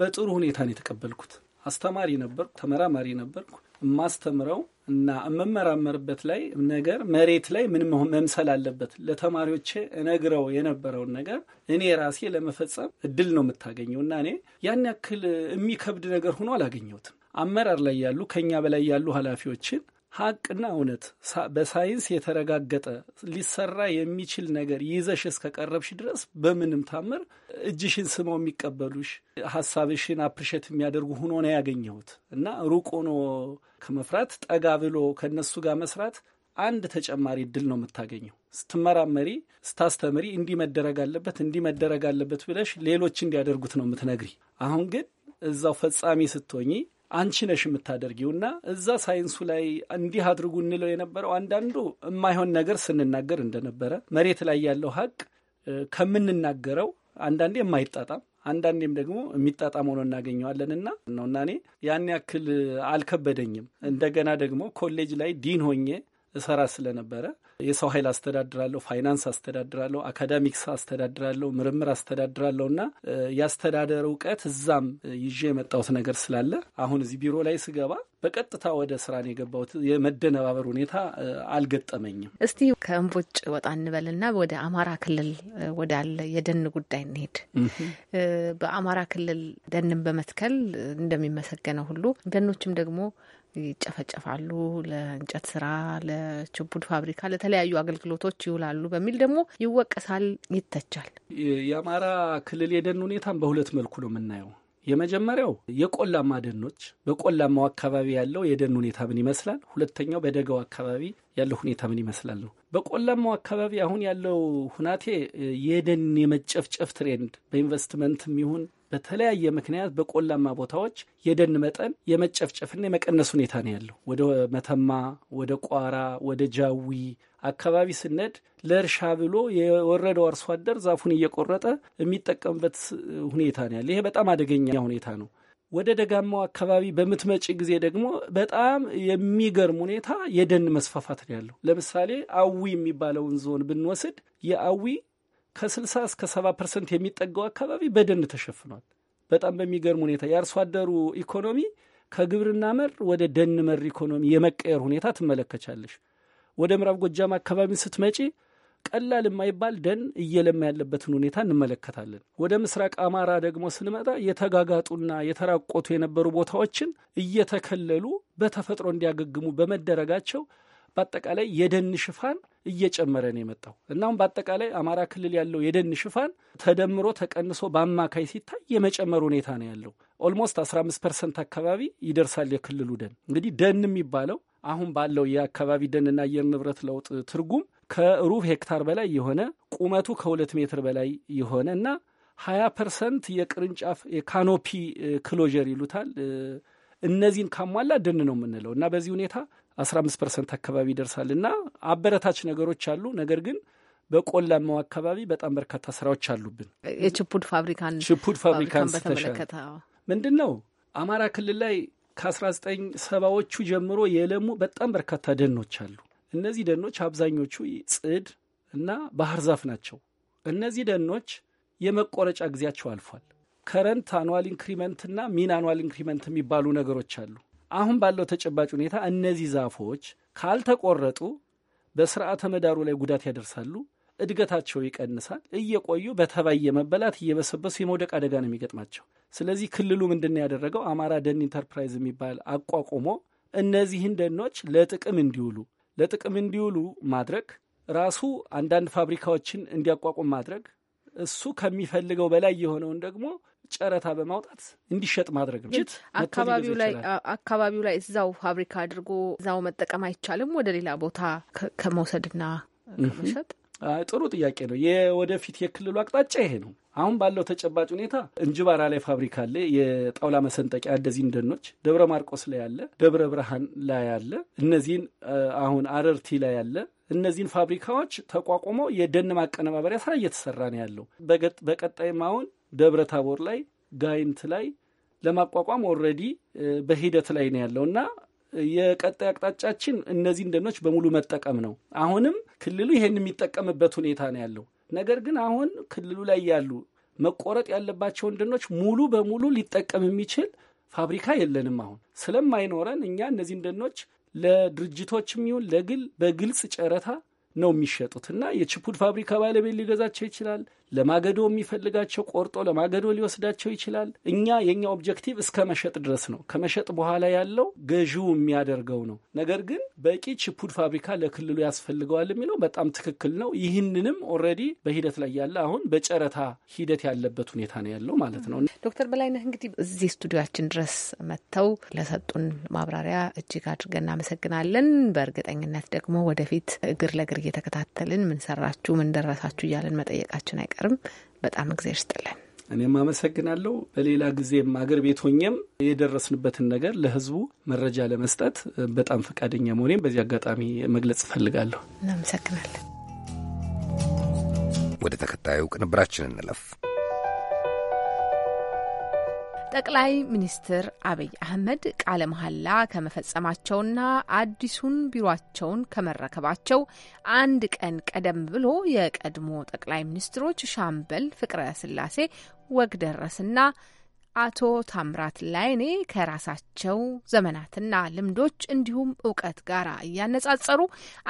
በጥሩ ሁኔታ ነው የተቀበልኩት። አስተማሪ ነበርኩ፣ ተመራማሪ ነበርኩ። የማስተምረው እና የምመራመርበት ላይ ነገር መሬት ላይ ምን መምሰል አለበት ለተማሪዎች እነግረው የነበረውን ነገር እኔ ራሴ ለመፈጸም እድል ነው የምታገኘው እና እኔ ያን ያክል የሚከብድ ነገር ሆኖ አላገኘሁትም። አመራር ላይ ያሉ ከኛ በላይ ያሉ ኃላፊዎችን ሀቅና እውነት በሳይንስ የተረጋገጠ ሊሰራ የሚችል ነገር ይዘሽ እስከቀረብሽ ድረስ በምንም ታምር እጅሽን ስመው የሚቀበሉሽ ሀሳብሽን አፕሪሼት የሚያደርጉ ሆኖ ነው ያገኘሁት እና ሩቅ ሆኖ ከመፍራት ጠጋ ብሎ ከእነሱ ጋር መስራት አንድ ተጨማሪ እድል ነው የምታገኘው። ስትመራመሪ፣ ስታስተምሪ እንዲህ መደረግ አለበት እንዲህ መደረግ አለበት ብለሽ ሌሎች እንዲያደርጉት ነው የምትነግሪ። አሁን ግን እዛው ፈጻሚ ስትሆኚ አንቺ ነሽ የምታደርጊውና እዛ ሳይንሱ ላይ እንዲህ አድርጉ እንለው የነበረው አንዳንዱ የማይሆን ነገር ስንናገር እንደነበረ መሬት ላይ ያለው ሀቅ ከምንናገረው አንዳንዴ የማይጣጣም አንዳንዴም ደግሞ የሚጣጣም ሆኖ እናገኘዋለንና ነው እና እኔ ያን ያክል አልከበደኝም። እንደገና ደግሞ ኮሌጅ ላይ ዲን ሆኜ እሰራ ስለነበረ የሰው ኃይል አስተዳድራለሁ፣ ፋይናንስ አስተዳድራለሁ፣ አካዳሚክስ አስተዳድራለሁ፣ ምርምር አስተዳድራለሁ እና የአስተዳደር እውቀት እዛም ይዤ የመጣሁት ነገር ስላለ አሁን እዚህ ቢሮ ላይ ስገባ በቀጥታ ወደ ስራ ነው የገባሁት። የመደነባበር ሁኔታ አልገጠመኝም። እስቲ ከእንቦጭ ወጣ እንበልና ወደ አማራ ክልል ወዳለ የደን ጉዳይ እንሄድ። በአማራ ክልል ደንን በመትከል እንደሚመሰገነው ሁሉ ደኖችም ደግሞ ይጨፈጨፋሉ፣ ለእንጨት ስራ፣ ለችቡድ ፋብሪካ፣ ለተለያዩ አገልግሎቶች ይውላሉ በሚል ደግሞ ይወቀሳል፣ ይተቻል። የአማራ ክልል የደን ሁኔታን በሁለት መልኩ ነው የምናየው። የመጀመሪያው የቆላማ ደኖች፣ በቆላማው አካባቢ ያለው የደን ሁኔታ ምን ይመስላል? ሁለተኛው በደጋው አካባቢ ያለው ሁኔታ ምን ይመስላል ነው። በቆላማው አካባቢ አሁን ያለው ሁናቴ የደን የመጨፍጨፍ ትሬንድ በኢንቨስትመንትም ይሁን በተለያየ ምክንያት በቆላማ ቦታዎች የደን መጠን የመጨፍጨፍና የመቀነስ ሁኔታ ነው ያለው። ወደ መተማ፣ ወደ ቋራ፣ ወደ ጃዊ አካባቢ ስነድ ለእርሻ ብሎ የወረደው አርሶ አደር ዛፉን እየቆረጠ የሚጠቀምበት ሁኔታ ነው ያለ። ይሄ በጣም አደገኛ ሁኔታ ነው። ወደ ደጋማው አካባቢ በምትመጪ ጊዜ ደግሞ በጣም የሚገርም ሁኔታ የደን መስፋፋት ነው ያለው። ለምሳሌ አዊ የሚባለውን ዞን ብንወስድ የአዊ ከ60 እስከ 70 ፐርሰንት የሚጠጋው አካባቢ በደን ተሸፍኗል። በጣም በሚገርም ሁኔታ የአርሶ አደሩ ኢኮኖሚ ከግብርና መር ወደ ደን መር ኢኮኖሚ የመቀየር ሁኔታ ትመለከቻለሽ። ወደ ምዕራብ ጎጃም አካባቢ ስትመጪ ቀላል የማይባል ደን እየለማ ያለበትን ሁኔታ እንመለከታለን። ወደ ምስራቅ አማራ ደግሞ ስንመጣ የተጋጋጡና የተራቆቱ የነበሩ ቦታዎችን እየተከለሉ በተፈጥሮ እንዲያገግሙ በመደረጋቸው በአጠቃላይ የደን ሽፋን እየጨመረ ነው የመጣው እናም በአጠቃላይ አማራ ክልል ያለው የደን ሽፋን ተደምሮ ተቀንሶ በአማካይ ሲታይ የመጨመር ሁኔታ ነው ያለው። ኦልሞስት 15 ፐርሰንት አካባቢ ይደርሳል የክልሉ ደን። እንግዲህ ደን የሚባለው አሁን ባለው የአካባቢ ደንና አየር ንብረት ለውጥ ትርጉም ከሩብ ሄክታር በላይ የሆነ ቁመቱ ከሁለት ሜትር በላይ የሆነ እና 20 ፐርሰንት የቅርንጫፍ የካኖፒ ክሎጀር ይሉታል እነዚህን ካሟላ ደን ነው የምንለው እና በዚህ ሁኔታ 15 ፐርሰንት አካባቢ ይደርሳል እና አበረታች ነገሮች አሉ። ነገር ግን በቆላማው አካባቢ በጣም በርካታ ስራዎች አሉብን። የችፑድ ፋብሪካን ችፑድ ፋብሪካን በተመለከተ ምንድን ነው አማራ ክልል ላይ ከአስራ ዘጠኝ ሰባዎቹ ጀምሮ የለሙ በጣም በርካታ ደኖች አሉ። እነዚህ ደኖች አብዛኞቹ ጽድ እና ባህር ዛፍ ናቸው። እነዚህ ደኖች የመቆረጫ ጊዜያቸው አልፏል። ከረንት አኗል ኢንክሪመንትና ሚን አኗል ኢንክሪመንት የሚባሉ ነገሮች አሉ። አሁን ባለው ተጨባጭ ሁኔታ እነዚህ ዛፎች ካልተቆረጡ በስርዓተ ምህዳሩ ላይ ጉዳት ያደርሳሉ። እድገታቸው ይቀንሳል። እየቆዩ በተባየ መበላት እየበሰበሱ የመውደቅ አደጋ ነው የሚገጥማቸው። ስለዚህ ክልሉ ምንድን ያደረገው? አማራ ደን ኢንተርፕራይዝ የሚባል አቋቁሞ እነዚህን ደኖች ለጥቅም እንዲውሉ ለጥቅም እንዲውሉ ማድረግ ራሱ አንዳንድ ፋብሪካዎችን እንዲያቋቁም ማድረግ እሱ ከሚፈልገው በላይ የሆነውን ደግሞ ጨረታ በማውጣት እንዲሸጥ ማድረግ ነው። አካባቢው ላይ አካባቢው ላይ እዛው ፋብሪካ አድርጎ እዛው መጠቀም አይቻልም። ወደ ሌላ ቦታ ከመውሰድና ከመሸጥ ጥሩ ጥያቄ ነው። የወደፊት የክልሉ አቅጣጫ ይሄ ነው። አሁን ባለው ተጨባጭ ሁኔታ እንጅባራ ላይ ፋብሪካ አለ፣ የጣውላ መሰንጠቂያ እንደዚህ እንደኖች፣ ደብረ ማርቆስ ላይ አለ፣ ደብረ ብርሃን ላይ አለ፣ እነዚህን አሁን አረርቲ ላይ አለ። እነዚህን ፋብሪካዎች ተቋቁሞ የደን ማቀነባበሪያ ስራ እየተሰራ ነው ያለው። በቀጣይም አሁን ደብረ ታቦር ላይ ጋይንት ላይ ለማቋቋም ኦልሬዲ በሂደት ላይ ነው ያለው እና የቀጣይ አቅጣጫችን እነዚህን ደኖች በሙሉ መጠቀም ነው። አሁንም ክልሉ ይሄን የሚጠቀምበት ሁኔታ ነው ያለው። ነገር ግን አሁን ክልሉ ላይ ያሉ መቆረጥ ያለባቸውን ደኖች ሙሉ በሙሉ ሊጠቀም የሚችል ፋብሪካ የለንም። አሁን ስለማይኖረን እኛ እነዚህን ደኖች ለድርጅቶችም ይሁን ለግል በግልጽ ጨረታ ነው የሚሸጡት እና የችፑድ ፋብሪካ ባለቤት ሊገዛቸው ይችላል። ለማገዶ የሚፈልጋቸው ቆርጦ ለማገዶ ሊወስዳቸው ይችላል። እኛ የኛ ኦብጀክቲቭ እስከ መሸጥ ድረስ ነው። ከመሸጥ በኋላ ያለው ገዢው የሚያደርገው ነው። ነገር ግን በቂ ቺፑድ ፋብሪካ ለክልሉ ያስፈልገዋል የሚለው በጣም ትክክል ነው። ይህንንም ኦልሬዲ በሂደት ላይ ያለ አሁን በጨረታ ሂደት ያለበት ሁኔታ ነው ያለው ማለት ነው። ዶክተር በላይነህ እንግዲህ እዚህ ስቱዲዮችን ድረስ መጥተው ለሰጡን ማብራሪያ እጅግ አድርገን እናመሰግናለን። በእርግጠኝነት ደግሞ ወደፊት እግር ለእግር እየተከታተልን ምን ሰራችሁ፣ ምን ደረሳችሁ እያለን መጠየቃችን አይቀርም። አይቀርም። በጣም እግዜር ይስጥልን። እኔም አመሰግናለሁ። በሌላ ጊዜም አገር ቤት ሆኜም የደረስንበትን ነገር ለሕዝቡ መረጃ ለመስጠት በጣም ፈቃደኛ መሆኔም በዚህ አጋጣሚ መግለጽ እፈልጋለሁ። እናመሰግናለን። ወደ ተከታዩ ቅንብራችን እንለፍ። ጠቅላይ ሚኒስትር አብይ አህመድ ቃለ መሐላ ከመፈጸማቸውና አዲሱን ቢሮቸውን ከመረከባቸው አንድ ቀን ቀደም ብሎ የቀድሞ ጠቅላይ ሚኒስትሮች ሻምበል ፍቅረ ስላሴ ወግደረስና አቶ ታምራት ላይኔ ከራሳቸው ዘመናትና ልምዶች እንዲሁም እውቀት ጋር እያነጻጸሩ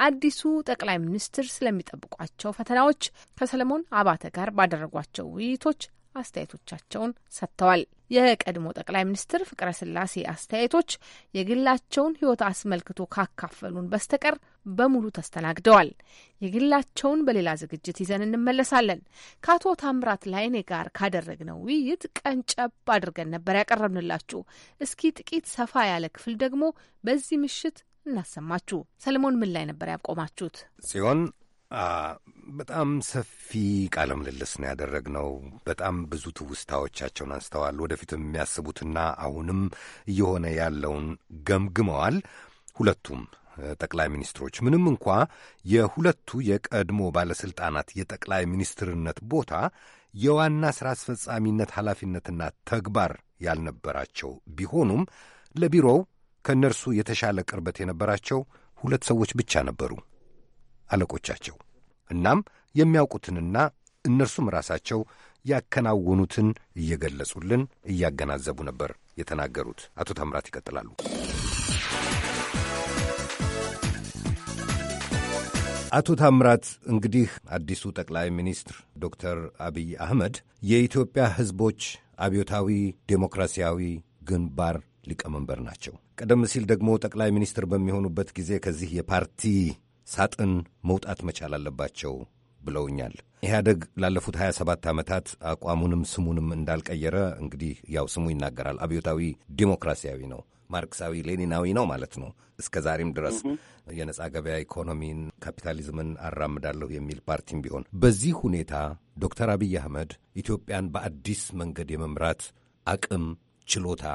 አዲሱ ጠቅላይ ሚኒስትር ስለሚጠብቋቸው ፈተናዎች ከሰለሞን አባተ ጋር ባደረጓቸው ውይይቶች አስተያየቶቻቸውን ሰጥተዋል። የቀድሞ ጠቅላይ ሚኒስትር ፍቅረ ስላሴ አስተያየቶች የግላቸውን ሕይወት አስመልክቶ ካካፈሉን በስተቀር በሙሉ ተስተናግደዋል። የግላቸውን በሌላ ዝግጅት ይዘን እንመለሳለን። ከአቶ ታምራት ላይኔ ጋር ካደረግነው ውይይት ቀንጨብ አድርገን ነበር ያቀረብንላችሁ። እስኪ ጥቂት ሰፋ ያለ ክፍል ደግሞ በዚህ ምሽት እናሰማችሁ። ሰለሞን ምን ላይ ነበር ያቆማችሁት? ጽዮን በጣም ሰፊ ቃለ ምልልስ ነው ያደረግነው። በጣም ብዙ ትውስታዎቻቸውን አንስተዋል። ወደፊትም የሚያስቡትና አሁንም እየሆነ ያለውን ገምግመዋል። ሁለቱም ጠቅላይ ሚኒስትሮች ምንም እንኳ የሁለቱ የቀድሞ ባለሥልጣናት የጠቅላይ ሚኒስትርነት ቦታ የዋና ሥራ አስፈጻሚነት ኃላፊነትና ተግባር ያልነበራቸው ቢሆኑም ለቢሮው ከእነርሱ የተሻለ ቅርበት የነበራቸው ሁለት ሰዎች ብቻ ነበሩ አለቆቻቸው። እናም የሚያውቁትንና እነርሱም ራሳቸው ያከናወኑትን እየገለጹልን እያገናዘቡ ነበር የተናገሩት። አቶ ታምራት ይቀጥላሉ። አቶ ታምራት እንግዲህ አዲሱ ጠቅላይ ሚኒስትር ዶክተር አብይ አህመድ የኢትዮጵያ ሕዝቦች አብዮታዊ ዴሞክራሲያዊ ግንባር ሊቀመንበር ናቸው። ቀደም ሲል ደግሞ ጠቅላይ ሚኒስትር በሚሆኑበት ጊዜ ከዚህ የፓርቲ ሳጥን መውጣት መቻል አለባቸው ብለውኛል። ኢህአደግ ላለፉት 27 ዓመታት አቋሙንም ስሙንም እንዳልቀየረ እንግዲህ ያው ስሙ ይናገራል። አብዮታዊ ዲሞክራሲያዊ ነው፣ ማርክሳዊ ሌኒናዊ ነው ማለት ነው። እስከ ዛሬም ድረስ የነጻ ገበያ ኢኮኖሚን፣ ካፒታሊዝምን አራምዳለሁ የሚል ፓርቲም ቢሆን በዚህ ሁኔታ ዶክተር አብይ አህመድ ኢትዮጵያን በአዲስ መንገድ የመምራት አቅም፣ ችሎታ፣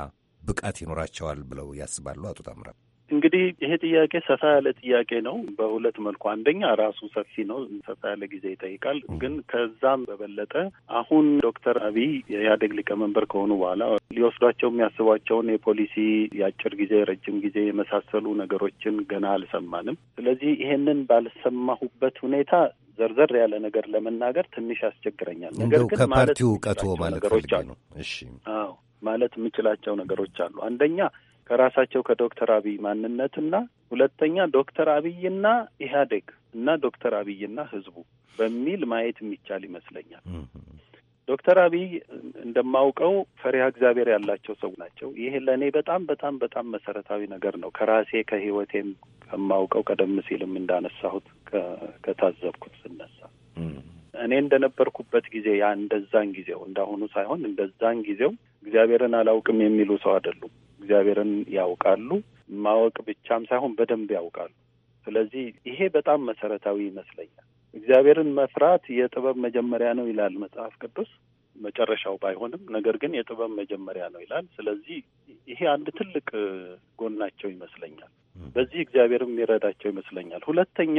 ብቃት ይኖራቸዋል ብለው ያስባሉ? አቶ ታምራት እንግዲህ ይሄ ጥያቄ ሰፋ ያለ ጥያቄ ነው በሁለት መልኩ። አንደኛ ራሱ ሰፊ ነው፣ ሰፋ ያለ ጊዜ ይጠይቃል። ግን ከዛም በበለጠ አሁን ዶክተር አብይ የኢህአዴግ ሊቀመንበር ከሆኑ በኋላ ሊወስዷቸው የሚያስቧቸውን የፖሊሲ የአጭር ጊዜ፣ ረጅም ጊዜ የመሳሰሉ ነገሮችን ገና አልሰማንም። ስለዚህ ይሄንን ባልሰማሁበት ሁኔታ ዘርዘር ያለ ነገር ለመናገር ትንሽ ያስቸግረኛል። ነገር ግን ከፓርቲው ማለት ነገሮች አሉ። እሺ፣ አዎ ማለት የምችላቸው ነገሮች አሉ። አንደኛ ከራሳቸው ከዶክተር አብይ ማንነትና ሁለተኛ ዶክተር አብይና ኢህአዴግ እና ዶክተር አብይና ህዝቡ በሚል ማየት የሚቻል ይመስለኛል። ዶክተር አብይ እንደማውቀው ፈሪሃ እግዚአብሔር ያላቸው ሰው ናቸው። ይሄ ለእኔ በጣም በጣም በጣም መሰረታዊ ነገር ነው። ከራሴ ከህይወቴም ከማውቀው ቀደም ሲልም እንዳነሳሁት ከታዘብኩት ስነሳ እኔ እንደነበርኩበት ጊዜ ያ እንደዛን ጊዜው እንዳሁኑ ሳይሆን እንደዛን ጊዜው እግዚአብሔርን አላውቅም የሚሉ ሰው አይደሉም። እግዚአብሔርን ያውቃሉ። ማወቅ ብቻም ሳይሆን በደንብ ያውቃሉ። ስለዚህ ይሄ በጣም መሰረታዊ ይመስለኛል። እግዚአብሔርን መፍራት የጥበብ መጀመሪያ ነው ይላል መጽሐፍ ቅዱስ። መጨረሻው ባይሆንም ነገር ግን የጥበብ መጀመሪያ ነው ይላል። ስለዚህ ይሄ አንድ ትልቅ ጎናቸው ይመስለኛል። በዚህ እግዚአብሔርም የሚረዳቸው ይመስለኛል። ሁለተኛ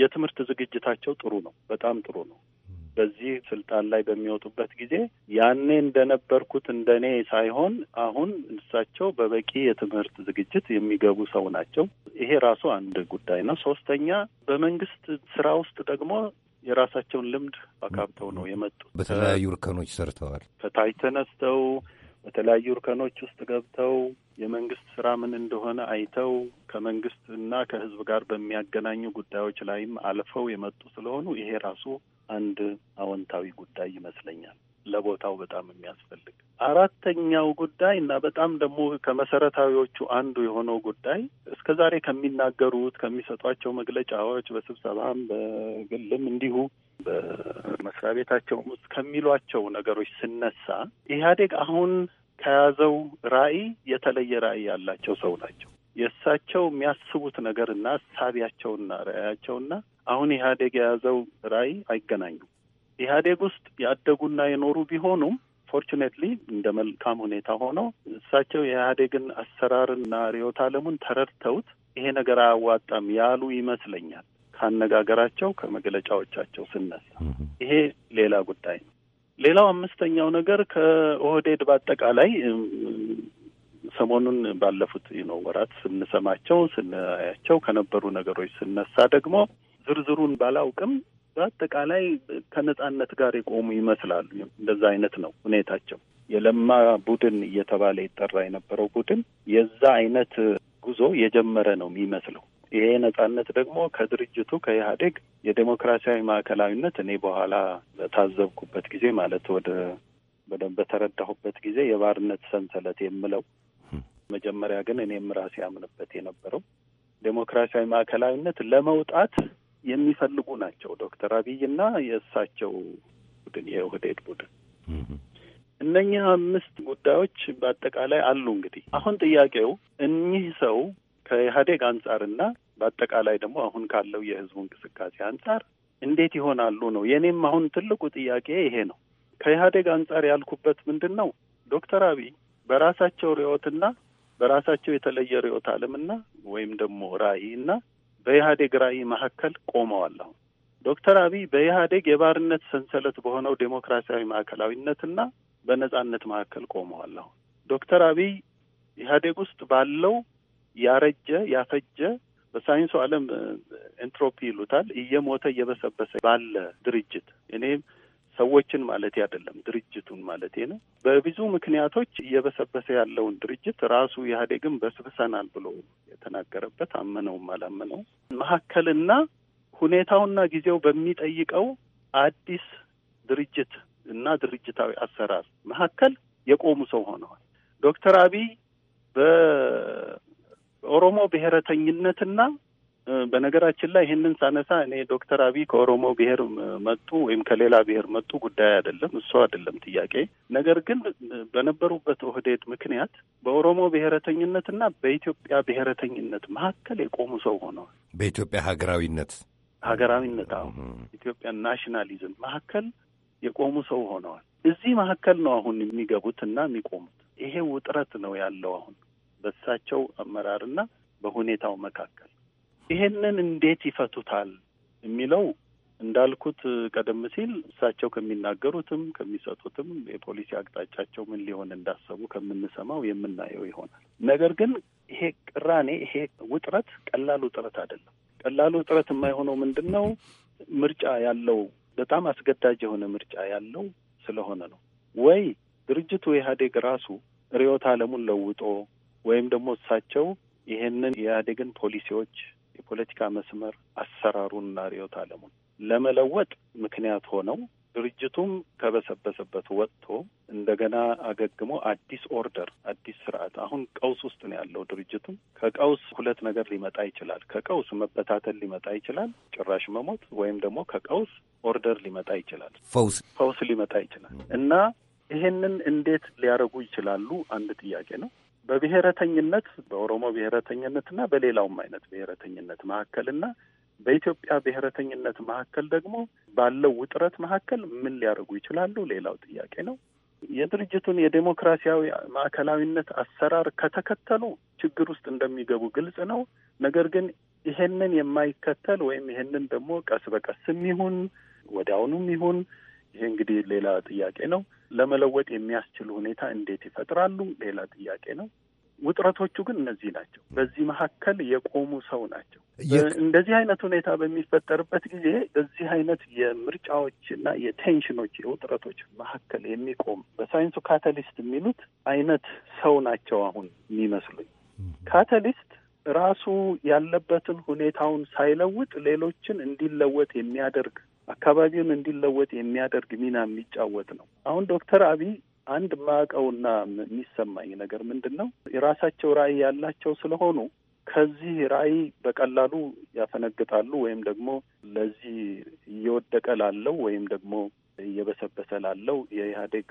የትምህርት ዝግጅታቸው ጥሩ ነው፣ በጣም ጥሩ ነው። በዚህ ስልጣን ላይ በሚወጡበት ጊዜ ያኔ እንደነበርኩት እንደኔ ሳይሆን አሁን እሳቸው በበቂ የትምህርት ዝግጅት የሚገቡ ሰው ናቸው። ይሄ ራሱ አንድ ጉዳይ ነው። ሶስተኛ በመንግስት ስራ ውስጥ ደግሞ የራሳቸውን ልምድ አካብተው ነው የመጡት። በተለያዩ እርከኖች ሰርተዋል። ከታች ተነስተው በተለያዩ እርከኖች ውስጥ ገብተው የመንግስት ስራ ምን እንደሆነ አይተው ከመንግስት እና ከህዝብ ጋር በሚያገናኙ ጉዳዮች ላይም አልፈው የመጡ ስለሆኑ ይሄ ራሱ አንድ አዎንታዊ ጉዳይ ይመስለኛል። ለቦታው በጣም የሚያስፈልግ አራተኛው ጉዳይ እና በጣም ደግሞ ከመሰረታዊዎቹ አንዱ የሆነው ጉዳይ እስከ ዛሬ ከሚናገሩት ከሚሰጧቸው መግለጫዎች በስብሰባም በግልም እንዲሁ በመስሪያ ቤታቸው ውስጥ ከሚሏቸው ነገሮች ስነሳ ኢህአዴግ አሁን ከያዘው ራዕይ የተለየ ራዕይ ያላቸው ሰው ናቸው። የእሳቸው የሚያስቡት ነገርና ሳቢያቸውና ራዕያቸውና አሁን ኢህአዴግ የያዘው ራዕይ አይገናኙም። ኢህአዴግ ውስጥ ያደጉና የኖሩ ቢሆኑም ፎርቹኔትሊ እንደ መልካም ሁኔታ ሆነው እሳቸው የኢህአዴግን አሰራርና ርዕዮተ ዓለሙን ተረድተውት ይሄ ነገር አያዋጣም ያሉ ይመስለኛል። ካነጋገራቸው ከመግለጫዎቻቸው ስነሳ ይሄ ሌላ ጉዳይ ነው። ሌላው አምስተኛው ነገር ከኦህዴድ በአጠቃላይ ሰሞኑን ባለፉት ነው ወራት ስንሰማቸው ስናያቸው ከነበሩ ነገሮች ስነሳ ደግሞ ዝርዝሩን ባላውቅም በአጠቃላይ ከነጻነት ጋር የቆሙ ይመስላሉ። እንደዛ አይነት ነው ሁኔታቸው። የለማ ቡድን እየተባለ ይጠራ የነበረው ቡድን የዛ አይነት ጉዞ የጀመረ ነው የሚመስለው። ይሄ ነጻነት ደግሞ ከድርጅቱ ከኢህአዴግ የዴሞክራሲያዊ ማዕከላዊነት እኔ በኋላ በታዘብኩበት ጊዜ ማለት ወደ በደንብ በተረዳሁበት ጊዜ የባርነት ሰንሰለት የምለው መጀመሪያ ግን እኔም ራሴ ያምንበት የነበረው ዴሞክራሲያዊ ማዕከላዊነት ለመውጣት የሚፈልጉ ናቸው ዶክተር አብይና የእሳቸው ቡድን የውህዴድ ቡድን እነኚህ አምስት ጉዳዮች በአጠቃላይ አሉ። እንግዲህ አሁን ጥያቄው እኚህ ሰው ከኢህአዴግ አንጻርና በአጠቃላይ ደግሞ አሁን ካለው የህዝቡ እንቅስቃሴ አንጻር እንዴት ይሆናሉ ነው የእኔም አሁን ትልቁ ጥያቄ ይሄ ነው። ከኢህአዴግ አንጻር ያልኩበት ምንድን ነው ዶክተር አብይ በራሳቸው ርዕዮትና በራሳቸው የተለየ ርዕዮተ ዓለምና ወይም ደግሞ እና በኢህአዴግ ራዕይ መካከል ቆመዋል። አሁን ዶክተር አብይ በኢህአዴግ የባርነት ሰንሰለት በሆነው ዴሞክራሲያዊ ማዕከላዊነትና በነጻነት መካከል ቆመዋል። አሁን ዶክተር አብይ ኢህአዴግ ውስጥ ባለው ያረጀ ያፈጀ በሳይንሱ ዓለም ኤንትሮፒ ይሉታል። እየሞተ እየበሰበሰ ባለ ድርጅት እኔም ሰዎችን ማለት አይደለም ድርጅቱን ማለት ነው። በብዙ ምክንያቶች እየበሰበሰ ያለውን ድርጅት ራሱ ኢህአዴግን በስብሰናል ብሎ የተናገረበት አመነውም አላመነው መካከልና ሁኔታውና ጊዜው በሚጠይቀው አዲስ ድርጅት እና ድርጅታዊ አሰራር መካከል የቆሙ ሰው ሆነዋል። ዶክተር አብይ በ ኦሮሞ ብሔረተኝነትና በነገራችን ላይ ይህንን ሳነሳ እኔ ዶክተር አብይ ከኦሮሞ ብሔር መጡ ወይም ከሌላ ብሔር መጡ ጉዳይ አይደለም፣ እሱ አይደለም ጥያቄ። ነገር ግን በነበሩበት ኦህዴድ ምክንያት በኦሮሞ ብሔረተኝነትና በኢትዮጵያ ብሔረተኝነት መካከል የቆሙ ሰው ሆነዋል። በኢትዮጵያ ሀገራዊነት ሀገራዊነት አሁን ኢትዮጵያ ናሽናሊዝም መካከል የቆሙ ሰው ሆነዋል። እዚህ መካከል ነው አሁን የሚገቡትና የሚቆሙት። ይሄ ውጥረት ነው ያለው አሁን በሳቸው አመራርና በሁኔታው መካከል ይሄንን እንዴት ይፈቱታል የሚለው እንዳልኩት ቀደም ሲል እሳቸው ከሚናገሩትም ከሚሰጡትም የፖሊሲ አቅጣጫቸው ምን ሊሆን እንዳሰቡ ከምንሰማው የምናየው ይሆናል። ነገር ግን ይሄ ቅራኔ፣ ይሄ ውጥረት ቀላል ውጥረት አይደለም። ቀላል ውጥረት የማይሆነው ምንድን ነው? ምርጫ ያለው በጣም አስገዳጅ የሆነ ምርጫ ያለው ስለሆነ ነው። ወይ ድርጅቱ ኢህአዴግ ራሱ ርዕዮተ ዓለሙን ለውጦ ወይም ደግሞ እሳቸው ይሄንን የኢህአዴግን ፖሊሲዎች የፖለቲካ መስመር አሰራሩንና ርዕዮተ ዓለሙን ለመለወጥ ምክንያት ሆነው ድርጅቱም ከበሰበሰበት ወጥቶ እንደገና አገግሞ አዲስ ኦርደር፣ አዲስ ስርዓት። አሁን ቀውስ ውስጥ ነው ያለው ድርጅቱ። ከቀውስ ሁለት ነገር ሊመጣ ይችላል። ከቀውስ መበታተል ሊመጣ ይችላል፣ ጭራሽ መሞት፣ ወይም ደግሞ ከቀውስ ኦርደር ሊመጣ ይችላል፣ ፈውስ ፈውስ ሊመጣ ይችላል እና ይሄንን እንዴት ሊያደርጉ ይችላሉ? አንድ ጥያቄ ነው። በብሔረተኝነት በኦሮሞ ብሔረተኝነትና በሌላውም አይነት ብሔረተኝነት መካከልና በኢትዮጵያ ብሔረተኝነት መካከል ደግሞ ባለው ውጥረት መካከል ምን ሊያደርጉ ይችላሉ? ሌላው ጥያቄ ነው። የድርጅቱን የዴሞክራሲያዊ ማዕከላዊነት አሰራር ከተከተሉ ችግር ውስጥ እንደሚገቡ ግልጽ ነው። ነገር ግን ይሄንን የማይከተል ወይም ይሄንን ደግሞ ቀስ በቀስም ይሁን ወዲያውኑም ይሁን ይሄ እንግዲህ ሌላ ጥያቄ ነው ለመለወጥ የሚያስችል ሁኔታ እንዴት ይፈጥራሉ ሌላ ጥያቄ ነው። ውጥረቶቹ ግን እነዚህ ናቸው። በዚህ መካከል የቆሙ ሰው ናቸው። እንደዚህ አይነት ሁኔታ በሚፈጠርበት ጊዜ በዚህ አይነት የምርጫዎች እና የቴንሽኖች የውጥረቶች መካከል የሚቆም በሳይንሱ ካታሊስት የሚሉት አይነት ሰው ናቸው አሁን የሚመስሉኝ። ካታሊስት ራሱ ያለበትን ሁኔታውን ሳይለውጥ ሌሎችን እንዲለወጥ የሚያደርግ አካባቢውን እንዲለወጥ የሚያደርግ ሚና የሚጫወት ነው። አሁን ዶክተር አብይ አንድ ማቀውና የሚሰማኝ ነገር ምንድን ነው የራሳቸው ራዕይ ያላቸው ስለሆኑ ከዚህ ራዕይ በቀላሉ ያፈነግጣሉ ወይም ደግሞ ለዚህ እየወደቀ ላለው ወይም ደግሞ እየበሰበሰ ላለው የኢህአዴግ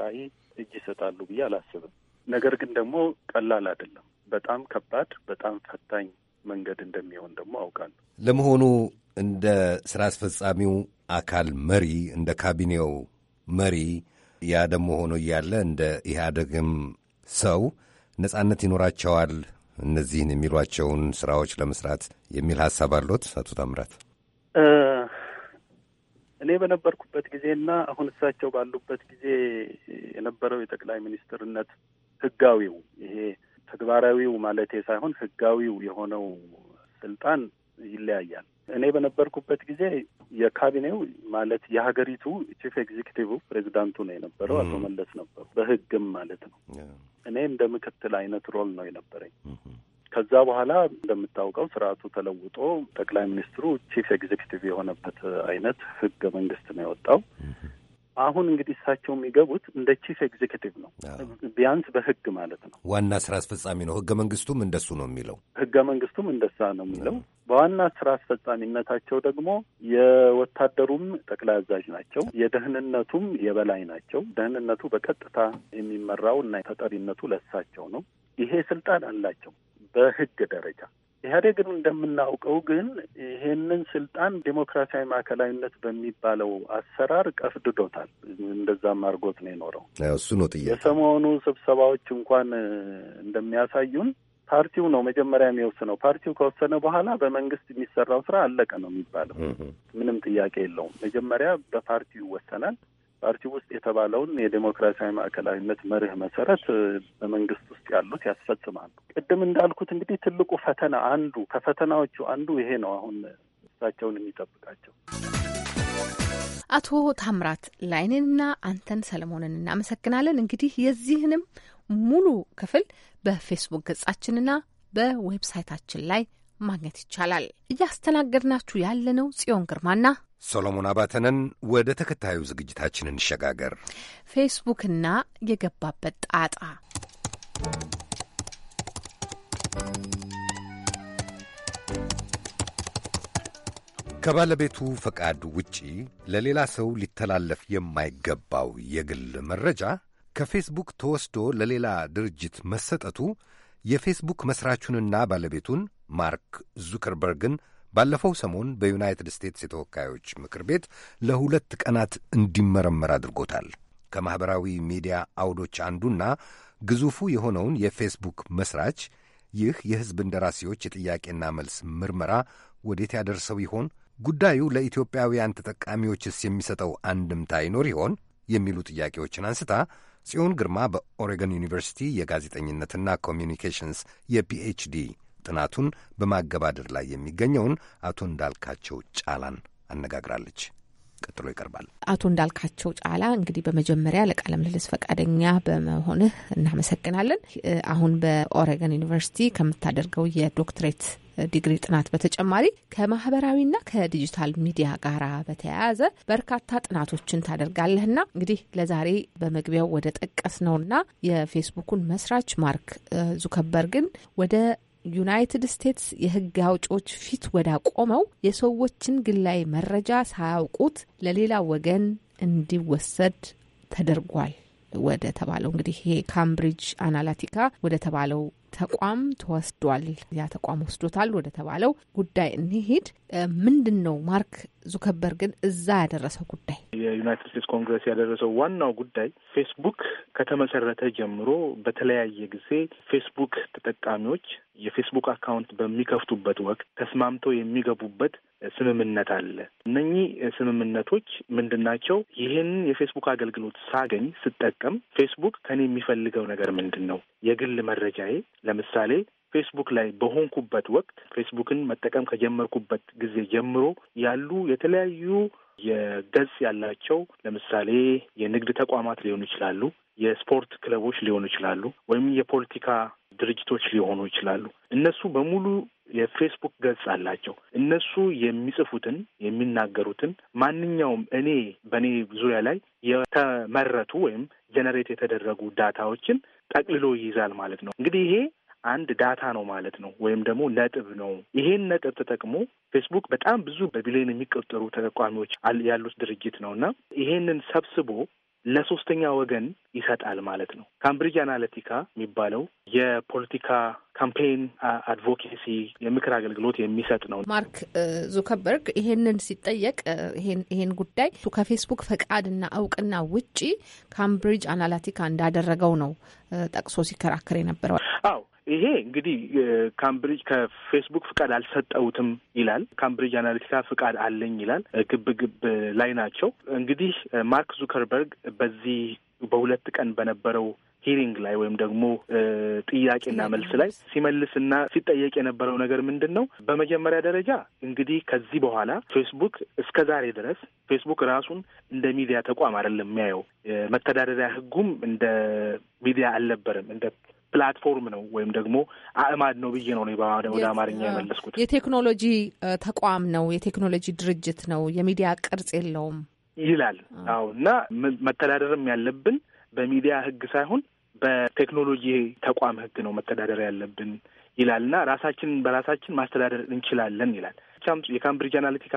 ራዕይ እጅ ይሰጣሉ ብዬ አላስብም። ነገር ግን ደግሞ ቀላል አይደለም። በጣም ከባድ፣ በጣም ፈታኝ መንገድ እንደሚሆን ደግሞ አውቃለሁ። ለመሆኑ እንደ ስራ አስፈጻሚው አካል መሪ እንደ ካቢኔው መሪ ያ ደግሞ ሆኖ እያለ እንደ ኢህአደግም ሰው ነጻነት ይኖራቸዋል እነዚህን የሚሏቸውን ስራዎች ለመስራት የሚል ሀሳብ አሎት አቶ ታምራት? እኔ በነበርኩበት ጊዜና አሁን እሳቸው ባሉበት ጊዜ የነበረው የጠቅላይ ሚኒስትርነት ህጋዊው ይሄ ተግባራዊው ማለቴ ሳይሆን ህጋዊው የሆነው ስልጣን ይለያያል። እኔ በነበርኩበት ጊዜ የካቢኔው ማለት የሀገሪቱ ቺፍ ኤግዚክቲቭ ፕሬዚዳንቱ ነው የነበረው አቶ መለስ ነበሩ። በህግም ማለት ነው። እኔ እንደ ምክትል አይነት ሮል ነው የነበረኝ። ከዛ በኋላ እንደምታውቀው ስርዓቱ ተለውጦ ጠቅላይ ሚኒስትሩ ቺፍ ኤግዚክቲቭ የሆነበት አይነት ህገ መንግስት ነው የወጣው። አሁን እንግዲህ እሳቸው የሚገቡት እንደ ቺፍ ኤግዜኪቲቭ ነው፣ ቢያንስ በህግ ማለት ነው። ዋና ስራ አስፈጻሚ ነው። ህገ መንግስቱም እንደሱ ነው የሚለው። ህገ መንግስቱም እንደሳ ነው የሚለው። በዋና ስራ አስፈጻሚነታቸው ደግሞ የወታደሩም ጠቅላይ አዛዥ ናቸው። የደህንነቱም የበላይ ናቸው። ደህንነቱ በቀጥታ የሚመራው እና ተጠሪነቱ ለእሳቸው ነው። ይሄ ስልጣን አላቸው በህግ ደረጃ ኢህአዴግን እንደምናውቀው ግን ይሄንን ስልጣን ዴሞክራሲያዊ ማዕከላዊነት በሚባለው አሰራር ቀፍድዶታል። እንደዛም አድርጎት ነው የኖረው። እሱ ነው ጥያቄ። የሰሞኑ ስብሰባዎች እንኳን እንደሚያሳዩን ፓርቲው ነው መጀመሪያ የሚወስነው። ፓርቲው ከወሰነ በኋላ በመንግስት የሚሰራው ስራ አለቀ ነው የሚባለው። ምንም ጥያቄ የለውም። መጀመሪያ በፓርቲው ይወሰናል። ፓርቲ ውስጥ የተባለውን የዴሞክራሲያዊ ማዕከላዊነት መርህ መሰረት በመንግስት ውስጥ ያሉት ያስፈጽማሉ። ቅድም እንዳልኩት እንግዲህ ትልቁ ፈተና አንዱ ከፈተናዎቹ አንዱ ይሄ ነው። አሁን እሳቸውን የሚጠብቃቸው አቶ ታምራት ላይንንና አንተን ሰለሞንን እናመሰግናለን። እንግዲህ የዚህንም ሙሉ ክፍል በፌስቡክ ገጻችንና በዌብሳይታችን ላይ ማግኘት ይቻላል። እያስተናገድናችሁ ያለነው ጽዮን ግርማና ሶሎሞን አባተነን ወደ ተከታዩ ዝግጅታችን እንሸጋገር። ፌስቡክና የገባበት ጣጣ ከባለቤቱ ፈቃድ ውጪ ለሌላ ሰው ሊተላለፍ የማይገባው የግል መረጃ ከፌስቡክ ተወስዶ ለሌላ ድርጅት መሰጠቱ የፌስቡክ መሥራቹንና ባለቤቱን ማርክ ዙከርበርግን ባለፈው ሰሞን በዩናይትድ ስቴትስ የተወካዮች ምክር ቤት ለሁለት ቀናት እንዲመረመር አድርጎታል። ከማኅበራዊ ሚዲያ አውዶች አንዱና ግዙፉ የሆነውን የፌስቡክ መስራች ይህ የሕዝብ እንደራሴዎች የጥያቄና መልስ ምርመራ ወዴት ያደርሰው ይሆን? ጉዳዩ ለኢትዮጵያውያን ተጠቃሚዎችስ የሚሰጠው አንድምታ ይኖር ይሆን? የሚሉ ጥያቄዎችን አንስታ ጽዮን ግርማ በኦሬገን ዩኒቨርሲቲ የጋዜጠኝነትና ኮሚኒኬሽንስ የፒኤችዲ ጥናቱን በማገባደድ ላይ የሚገኘውን አቶ እንዳልካቸው ጫላን አነጋግራለች። ቀጥሎ ይቀርባል። አቶ እንዳልካቸው ጫላ፣ እንግዲህ በመጀመሪያ ለቃለ ምልልስ ፈቃደኛ በመሆንህ እናመሰግናለን። አሁን በኦሬገን ዩኒቨርሲቲ ከምታደርገው የዶክትሬት ዲግሪ ጥናት በተጨማሪ ከማህበራዊና ከዲጂታል ሚዲያ ጋር በተያያዘ በርካታ ጥናቶችን ታደርጋለህና እንግዲህ ለዛሬ በመግቢያው ወደ ጠቀስ ነውና የፌስቡኩን መስራች ማርክ ግን ወደ ዩናይትድ ስቴትስ የህግ አውጮች ፊት ወዳ ቆመው የሰዎችን ግላዊ መረጃ ሳያውቁት ለሌላ ወገን እንዲወሰድ ተደርጓል ወደ ተባለው እንግዲህ ይሄ ካምብሪጅ አናላቲካ ወደ ተባለው ተቋም ተወስዷል። ያ ተቋም ወስዶታል ወደ ተባለው ጉዳይ እንሂድ። ምንድን ነው ማርክ ዙከርበርግን እዛ ያደረሰው ጉዳይ? የዩናይትድ ስቴትስ ኮንግረስ ያደረሰው ዋናው ጉዳይ ፌስቡክ ከተመሰረተ ጀምሮ በተለያየ ጊዜ ፌስቡክ ተጠቃሚዎች የፌስቡክ አካውንት በሚከፍቱበት ወቅት ተስማምተው የሚገቡበት ስምምነት አለ። እነኚህ ስምምነቶች ምንድን ናቸው? ይህን የፌስቡክ አገልግሎት ሳገኝ ስጠቀም ፌስቡክ ከኔ የሚፈልገው ነገር ምንድን ነው? የግል መረጃዬ ለምሳሌ ፌስቡክ ላይ በሆንኩበት ወቅት ፌስቡክን መጠቀም ከጀመርኩበት ጊዜ ጀምሮ ያሉ የተለያዩ የገጽ ያላቸው ለምሳሌ የንግድ ተቋማት ሊሆኑ ይችላሉ፣ የስፖርት ክለቦች ሊሆኑ ይችላሉ፣ ወይም የፖለቲካ ድርጅቶች ሊሆኑ ይችላሉ። እነሱ በሙሉ የፌስቡክ ገጽ አላቸው። እነሱ የሚጽፉትን የሚናገሩትን ማንኛውም እኔ በእኔ ዙሪያ ላይ የተመረቱ ወይም ጀነሬት የተደረጉ ዳታዎችን ጠቅልሎ ይይዛል ማለት ነው። እንግዲህ ይሄ አንድ ዳታ ነው ማለት ነው፣ ወይም ደግሞ ነጥብ ነው። ይሄን ነጥብ ተጠቅሞ ፌስቡክ በጣም ብዙ በቢሊዮን የሚቆጠሩ ተጠቋሚዎች ያሉት ድርጅት ነው እና ይሄንን ሰብስቦ ለሶስተኛ ወገን ይሰጣል ማለት ነው። ካምብሪጅ አናሊቲካ የሚባለው የፖለቲካ ካምፔን አድቮኬሲ የምክር አገልግሎት የሚሰጥ ነው። ማርክ ዙከርበርግ ይሄንን ሲጠየቅ ይሄን ጉዳይ ከፌስቡክ ፈቃድና እውቅና ውጪ ካምብሪጅ አናላቲካ እንዳደረገው ነው ጠቅሶ ሲከራከር የነበረው። አዎ ይሄ እንግዲህ ካምብሪጅ ከፌስቡክ ፍቃድ አልሰጠውትም ይላል። ካምብሪጅ አናሊቲካ ፍቃድ አለኝ ይላል። ግብ ግብ ላይ ናቸው። እንግዲህ ማርክ ዙከርበርግ በዚህ በሁለት ቀን በነበረው ሂሪንግ ላይ ወይም ደግሞ ጥያቄና መልስ ላይ ሲመልስና ሲጠየቅ የነበረው ነገር ምንድን ነው? በመጀመሪያ ደረጃ እንግዲህ ከዚህ በኋላ ፌስቡክ እስከ ዛሬ ድረስ ፌስቡክ ራሱን እንደ ሚዲያ ተቋም አይደለም የሚያየው። መተዳደሪያ ሕጉም እንደ ሚዲያ አልነበረም እንደ ፕላትፎርም ነው ወይም ደግሞ አእማድ ነው ብዬ ነው ወደ አማርኛ የመለስኩት። የቴክኖሎጂ ተቋም ነው፣ የቴክኖሎጂ ድርጅት ነው። የሚዲያ ቅርጽ የለውም ይላል። አዎ እና መተዳደርም ያለብን በሚዲያ ህግ ሳይሆን በቴክኖሎጂ ተቋም ህግ ነው መተዳደር ያለብን ይላል እና ራሳችንን በራሳችን ማስተዳደር እንችላለን ይላል። የካምብሪጅ አናሊቲካ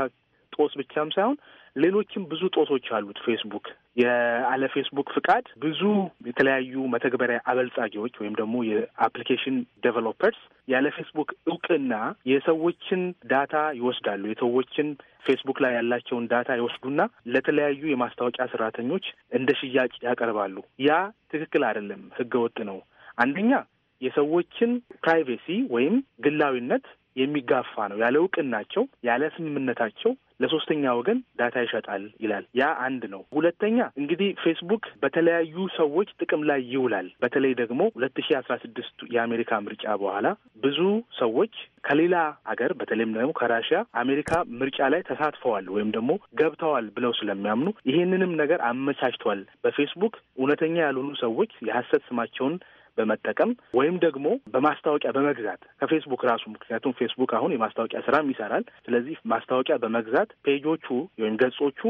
ጦስ ብቻም ሳይሆን ሌሎችም ብዙ ጦሶች አሉት ፌስቡክ ያለ ፌስቡክ ፍቃድ ብዙ የተለያዩ መተግበሪያ አበልጻጊዎች ወይም ደግሞ የአፕሊኬሽን ዴቨሎፐርስ ያለ ፌስቡክ እውቅና የሰዎችን ዳታ ይወስዳሉ። የሰዎችን ፌስቡክ ላይ ያላቸውን ዳታ ይወስዱና ለተለያዩ የማስታወቂያ ሰራተኞች እንደ ሽያጭ ያቀርባሉ። ያ ትክክል አይደለም፣ ህገወጥ ነው። አንደኛ የሰዎችን ፕራይቬሲ ወይም ግላዊነት የሚጋፋ ነው። ያለ እውቅናቸው ያለ ስምምነታቸው ለሶስተኛ ወገን ዳታ ይሸጣል ይላል። ያ አንድ ነው። ሁለተኛ እንግዲህ ፌስቡክ በተለያዩ ሰዎች ጥቅም ላይ ይውላል። በተለይ ደግሞ ሁለት ሺህ አስራ ስድስቱ የአሜሪካ ምርጫ በኋላ ብዙ ሰዎች ከሌላ ሀገር በተለይም ደግሞ ከራሽያ አሜሪካ ምርጫ ላይ ተሳትፈዋል ወይም ደግሞ ገብተዋል ብለው ስለሚያምኑ ይሄንንም ነገር አመቻችቷል። በፌስቡክ እውነተኛ ያልሆኑ ሰዎች የሀሰት ስማቸውን በመጠቀም ወይም ደግሞ በማስታወቂያ በመግዛት ከፌስቡክ ራሱ ምክንያቱም ፌስቡክ አሁን የማስታወቂያ ስራም ይሰራል። ስለዚህ ማስታወቂያ በመግዛት ፔጆቹ ወይም ገጾቹ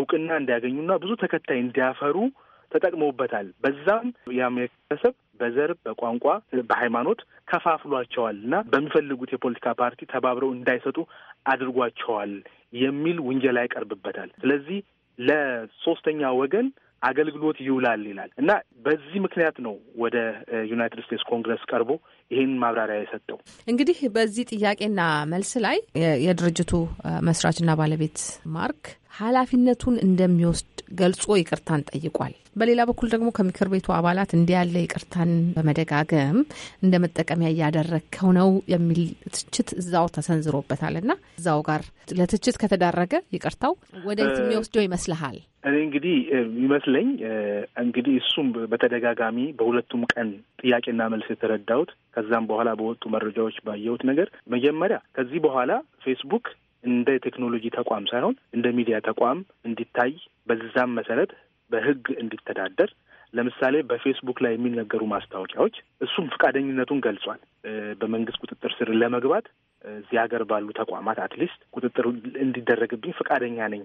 እውቅና እንዲያገኙና ብዙ ተከታይ እንዲያፈሩ ተጠቅመውበታል። በዛም የአሜሪካሰብ በዘር፣ በቋንቋ፣ በሃይማኖት ከፋፍሏቸዋል እና በሚፈልጉት የፖለቲካ ፓርቲ ተባብረው እንዳይሰጡ አድርጓቸዋል የሚል ውንጀላ ይቀርብበታል። ስለዚህ ለሶስተኛ ወገን አገልግሎት ይውላል ይላል እና በዚህ ምክንያት ነው ወደ ዩናይትድ ስቴትስ ኮንግረስ ቀርቦ ይህን ማብራሪያ የሰጠው። እንግዲህ በዚህ ጥያቄና መልስ ላይ የድርጅቱ መስራችና ባለቤት ማርክ ኃላፊነቱን እንደሚወስድ ገልጾ ይቅርታን ጠይቋል። በሌላ በኩል ደግሞ ከምክር ቤቱ አባላት እንዲህ ያለ ይቅርታን በመደጋገም እንደ መጠቀሚያ እያደረግከው ነው የሚል ትችት እዛው ተሰንዝሮበታል እና እዛው ጋር ለትችት ከተዳረገ ይቅርታው ወደ የት የሚወስደው ይመስልሃል? እኔ እንግዲህ ይመስለኝ እንግዲህ እሱም በተደጋጋሚ በሁለቱም ቀን ጥያቄና መልስ የተረዳሁት ከዛም በኋላ በወጡ መረጃዎች ባየሁት ነገር መጀመሪያ ከዚህ በኋላ ፌስቡክ እንደ ቴክኖሎጂ ተቋም ሳይሆን እንደ ሚዲያ ተቋም እንዲታይ በዛም መሰረት በህግ እንዲተዳደር ለምሳሌ በፌስቡክ ላይ የሚነገሩ ማስታወቂያዎች እሱም ፈቃደኝነቱን ገልጿል። በመንግስት ቁጥጥር ስር ለመግባት እዚህ ሀገር ባሉ ተቋማት አትሊስት ቁጥጥር እንዲደረግብኝ ፈቃደኛ ነኝ።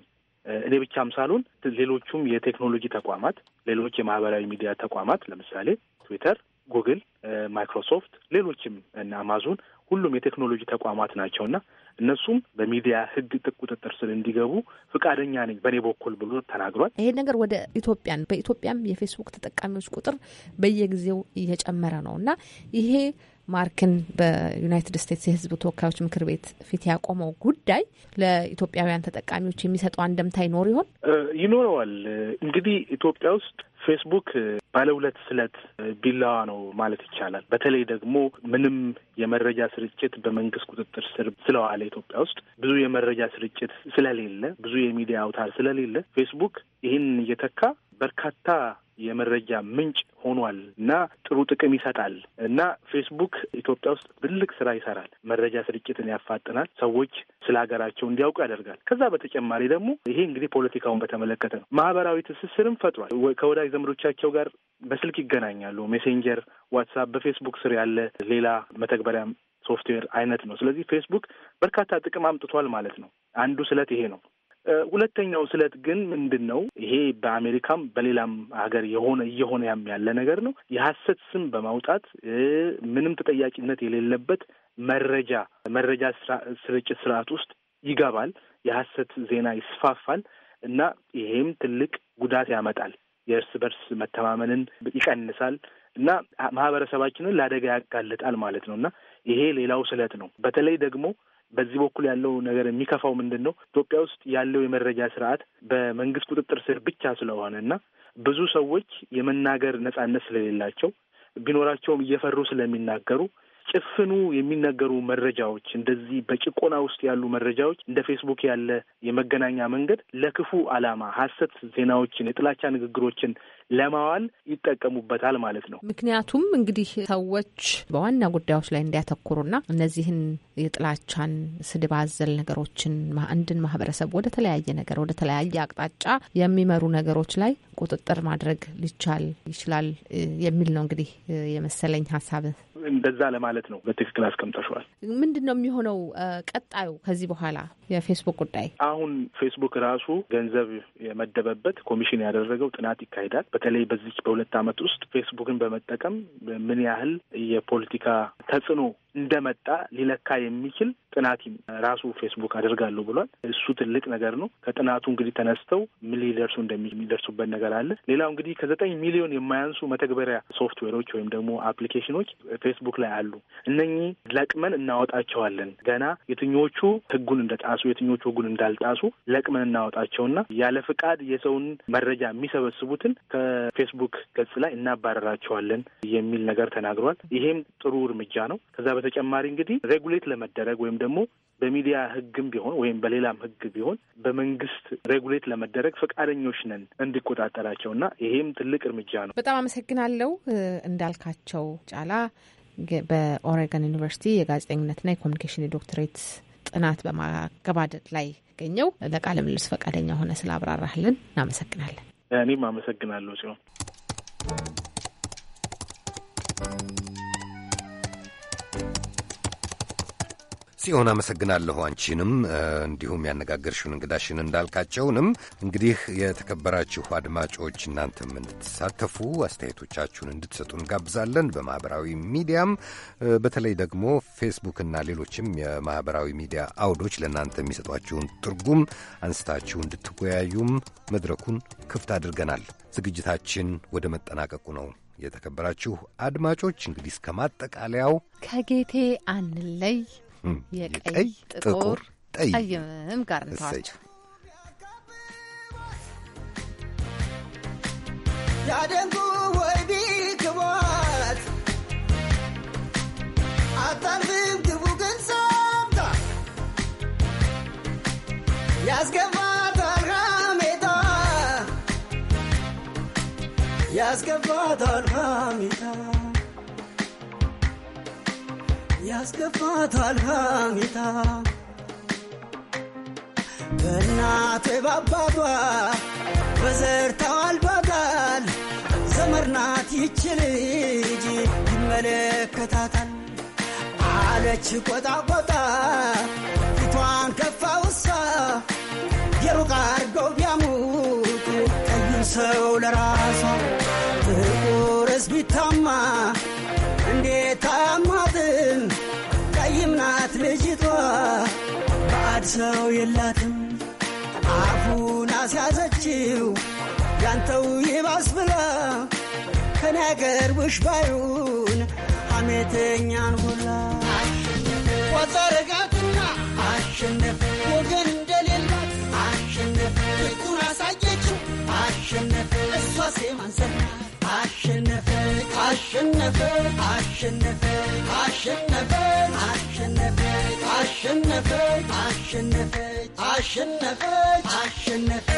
እኔ ብቻም ሳልሆን ሌሎቹም የቴክኖሎጂ ተቋማት፣ ሌሎች የማህበራዊ ሚዲያ ተቋማት ለምሳሌ ትዊተር፣ ጉግል፣ ማይክሮሶፍት፣ ሌሎችም እና አማዞን ሁሉም የቴክኖሎጂ ተቋማት ናቸው እና እነሱም በሚዲያ ሕግ ቁጥጥር ስር እንዲገቡ ፍቃደኛ ነኝ በእኔ በኩል ብሎ ተናግሯል። ይሄ ነገር ወደ ኢትዮጵያን በኢትዮጵያም የፌስቡክ ተጠቃሚዎች ቁጥር በየጊዜው እየጨመረ ነው እና ይሄ ማርክን በዩናይትድ ስቴትስ የህዝብ ተወካዮች ምክር ቤት ፊት ያቆመው ጉዳይ ለኢትዮጵያውያን ተጠቃሚዎች የሚሰጠው አንደምታ ይኖር ይሆን? ይኖረዋል። እንግዲህ ኢትዮጵያ ውስጥ ፌስቡክ ባለ ሁለት ስለት ቢላዋ ነው ማለት ይቻላል። በተለይ ደግሞ ምንም የመረጃ ስርጭት በመንግስት ቁጥጥር ስር ስለዋለ ኢትዮጵያ ውስጥ ብዙ የመረጃ ስርጭት ስለሌለ፣ ብዙ የሚዲያ አውታር ስለሌለ ፌስቡክ ይህን እየተካ በርካታ የመረጃ ምንጭ ሆኗል እና ጥሩ ጥቅም ይሰጣል እና ፌስቡክ ኢትዮጵያ ውስጥ ትልቅ ስራ ይሰራል። መረጃ ስርጭትን ያፋጥናል። ሰዎች ስለ ሀገራቸው እንዲያውቁ ያደርጋል። ከዛ በተጨማሪ ደግሞ ይሄ እንግዲህ ፖለቲካውን በተመለከተ ነው። ማህበራዊ ትስስርም ፈጥሯል። ከወዳጅ ዘመዶቻቸው ጋር በስልክ ይገናኛሉ። ሜሴንጀር፣ ዋትሳፕ በፌስቡክ ስር ያለ ሌላ መተግበሪያም ሶፍትዌር አይነት ነው። ስለዚህ ፌስቡክ በርካታ ጥቅም አምጥቷል ማለት ነው። አንዱ ስለት ይሄ ነው። ሁለተኛው ስለት ግን ምንድን ነው? ይሄ በአሜሪካም በሌላም ሀገር የሆነ እየሆነ ያም ያለ ነገር ነው። የሀሰት ስም በማውጣት ምንም ተጠያቂነት የሌለበት መረጃ መረጃ ስርጭት ስርዓት ውስጥ ይገባል። የሀሰት ዜና ይስፋፋል እና ይሄም ትልቅ ጉዳት ያመጣል። የእርስ በርስ መተማመንን ይቀንሳል እና ማህበረሰባችንን ለአደጋ ያጋልጣል ማለት ነው እና ይሄ ሌላው ስለት ነው። በተለይ ደግሞ በዚህ በኩል ያለው ነገር የሚከፋው ምንድን ነው? ኢትዮጵያ ውስጥ ያለው የመረጃ ስርዓት በመንግስት ቁጥጥር ስር ብቻ ስለሆነ እና ብዙ ሰዎች የመናገር ነጻነት ስለሌላቸው ቢኖራቸውም እየፈሩ ስለሚናገሩ ጭፍኑ የሚነገሩ መረጃዎች እንደዚህ በጭቆና ውስጥ ያሉ መረጃዎች እንደ ፌስቡክ ያለ የመገናኛ መንገድ ለክፉ ዓላማ ሐሰት ዜናዎችን፣ የጥላቻ ንግግሮችን ለማዋል ይጠቀሙበታል ማለት ነው። ምክንያቱም እንግዲህ ሰዎች በዋና ጉዳዮች ላይ እንዲያተኩሩና እነዚህን የጥላቻን ስድብ አዘል ነገሮችን አንድን ማህበረሰብ ወደ ተለያየ ነገር ወደ ተለያየ አቅጣጫ የሚመሩ ነገሮች ላይ ቁጥጥር ማድረግ ሊቻል ይችላል የሚል ነው እንግዲህ የመሰለኝ ሀሳብ እንደዛ ለማለት ነው። በትክክል አስቀምጠሸዋል። ምንድን ነው የሚሆነው ቀጣዩ ከዚህ በኋላ የፌስቡክ ጉዳይ? አሁን ፌስቡክ ራሱ ገንዘብ የመደበበት ኮሚሽን ያደረገው ጥናት ይካሄዳል። በተለይ በዚህ በሁለት ዓመት ውስጥ ፌስቡክን በመጠቀም ምን ያህል የፖለቲካ ተጽዕኖ እንደመጣ ሊለካ የሚችል ጥናት ራሱ ፌስቡክ አድርጋለሁ ብሏል። እሱ ትልቅ ነገር ነው። ከጥናቱ እንግዲህ ተነስተው ምን ሊደርሱ እንደሚደርሱበት ነገር አለ። ሌላው እንግዲህ ከዘጠኝ ሚሊዮን የማያንሱ መተግበሪያ ሶፍትዌሮች ወይም ደግሞ አፕሊኬሽኖች ፌስቡክ ላይ አሉ። እነኚህ ለቅመን እናወጣቸዋለን። ገና የትኞቹ ህጉን እንደጣሱ የትኞቹ ህጉን እንዳልጣሱ ለቅመን እናወጣቸውና ያለ ፍቃድ የሰውን መረጃ የሚሰበስቡትን ከፌስቡክ ገጽ ላይ እናባረራቸዋለን የሚል ነገር ተናግሯል። ይሄም ጥሩ እርምጃ ነው። ከዛ በተጨማሪ እንግዲህ ሬጉሌት ለመደረግ ወይም ደግሞ በሚዲያ ህግም ቢሆን ወይም በሌላም ህግ ቢሆን በመንግስት ሬጉሌት ለመደረግ ፈቃደኞች ነን እንዲቆጣጠራቸው እና ይሄም ትልቅ እርምጃ ነው። በጣም አመሰግናለሁ እንዳልካቸው ጫላ በኦሬገን ዩኒቨርሲቲ የጋዜጠኝነትና የኮሚኒኬሽን የዶክትሬት ጥናት በማገባደድ ላይ ገኘው ለቃለ ምልልስ ፈቃደኛ ሆነ ስለ አብራራህልን እናመሰግናለን። እኔም አመሰግናለሁ ሲሆን ጽዮን አመሰግናለሁ። አንቺንም እንዲሁም ያነጋገርሽውን እንግዳሽን እንዳልካቸውንም። እንግዲህ የተከበራችሁ አድማጮች እናንተም እንድትሳተፉ አስተያየቶቻችሁን እንድትሰጡ እንጋብዛለን። በማህበራዊ ሚዲያም በተለይ ደግሞ ፌስቡክና ሌሎችም የማህበራዊ ሚዲያ አውዶች ለእናንተ የሚሰጧችሁን ትርጉም አንስታችሁ እንድትወያዩም መድረኩን ክፍት አድርገናል። ዝግጅታችን ወደ መጠናቀቁ ነው። የተከበራችሁ አድማጮች እንግዲህ እስከ ማጠቃለያው ከጌቴ አንለይ የቀይ ጥቁር ጠይም ጋር እንተዋቸው። ያደንጉ ወይ ቢክቧት አታርፍም ግቡ ግን ሰምታ ያስገባታል ሐሜታ ያስገባታል ሜታ ያስገፋታል ሐሜታ በእናት ባባቷ በዘር ተዋልባታል። ዘመርናት ይች ልጅ ይመለከታታል አለች ቆጣ ቆጣ ፊቷን ከፋ ውሳ የሩቅ አርገው ቢያሙት ቀይም ሰው ለራሷ ጥቁርስ ቢታማ እንዴት አሟትም ቀይም ናት ልጅቷ ባዕድ ሰው የላትም አፉን አስያዘችው ያንተው ይባስ ብላ ከኔ ያቀርብሽ ባዩን ሐሜተኛን ሁላ ቆጠረጋትና አሸነፍ ወገን እንደሌላት አሸነፍ ፊቱን አሳየችው አሸነፍ እሷ ሴማን አሸነፈ አሸነፈ አሸነፈ አሸነፈ አሸነፈ አሸነፈ አሸነፈ አሸነፈ አሸነፈ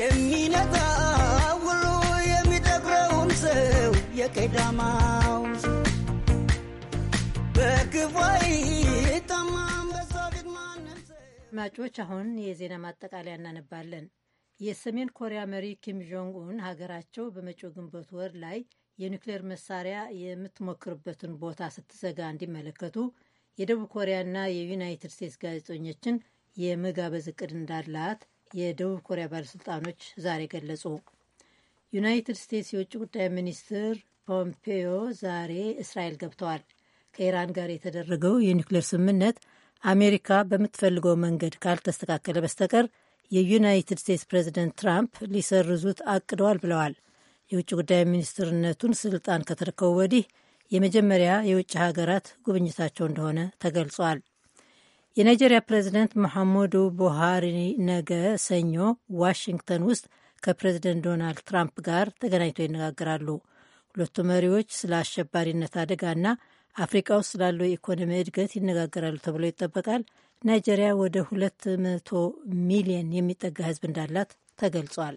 የሚነጋ ውሎ የሚጠግረውም ሰው የቀዳማው በግቧ አድማጮች፣ አሁን የዜና ማጠቃለያ እናነባለን። የሰሜን ኮሪያ መሪ ኪም ጆንግ ኡን ሀገራቸው በመጪው ግንቦት ወር ላይ የኒውክሌር መሳሪያ የምትሞክርበትን ቦታ ስትዘጋ እንዲመለከቱ የደቡብ ኮሪያና የዩናይትድ ስቴትስ ጋዜጠኞችን የመጋበዝ እቅድ እንዳላት የደቡብ ኮሪያ ባለሥልጣኖች ዛሬ ገለጹ። ዩናይትድ ስቴትስ የውጭ ጉዳይ ሚኒስትር ፖምፔዮ ዛሬ እስራኤል ገብተዋል። ከኢራን ጋር የተደረገው የኒውክሌር ስምምነት አሜሪካ በምትፈልገው መንገድ ካልተስተካከለ በስተቀር የዩናይትድ ስቴትስ ፕሬዚደንት ትራምፕ ሊሰርዙት አቅደዋል ብለዋል። የውጭ ጉዳይ ሚኒስትርነቱን ስልጣን ከተረከቡ ወዲህ የመጀመሪያ የውጭ ሀገራት ጉብኝታቸው እንደሆነ ተገልጿል። የናይጄሪያ ፕሬዚደንት መሐመዱ ቡሃሪ ነገ ሰኞ ዋሽንግተን ውስጥ ከፕሬዚደንት ዶናልድ ትራምፕ ጋር ተገናኝተው ይነጋገራሉ። ሁለቱ መሪዎች ስለ አሸባሪነት አደጋና አፍሪቃ ውስጥ ስላለው የኢኮኖሚ እድገት ይነጋገራሉ ተብሎ ይጠበቃል። ናይጄሪያ ወደ ሁለት መቶ ሚሊየን የሚጠጋ ህዝብ እንዳላት ተገልጿል።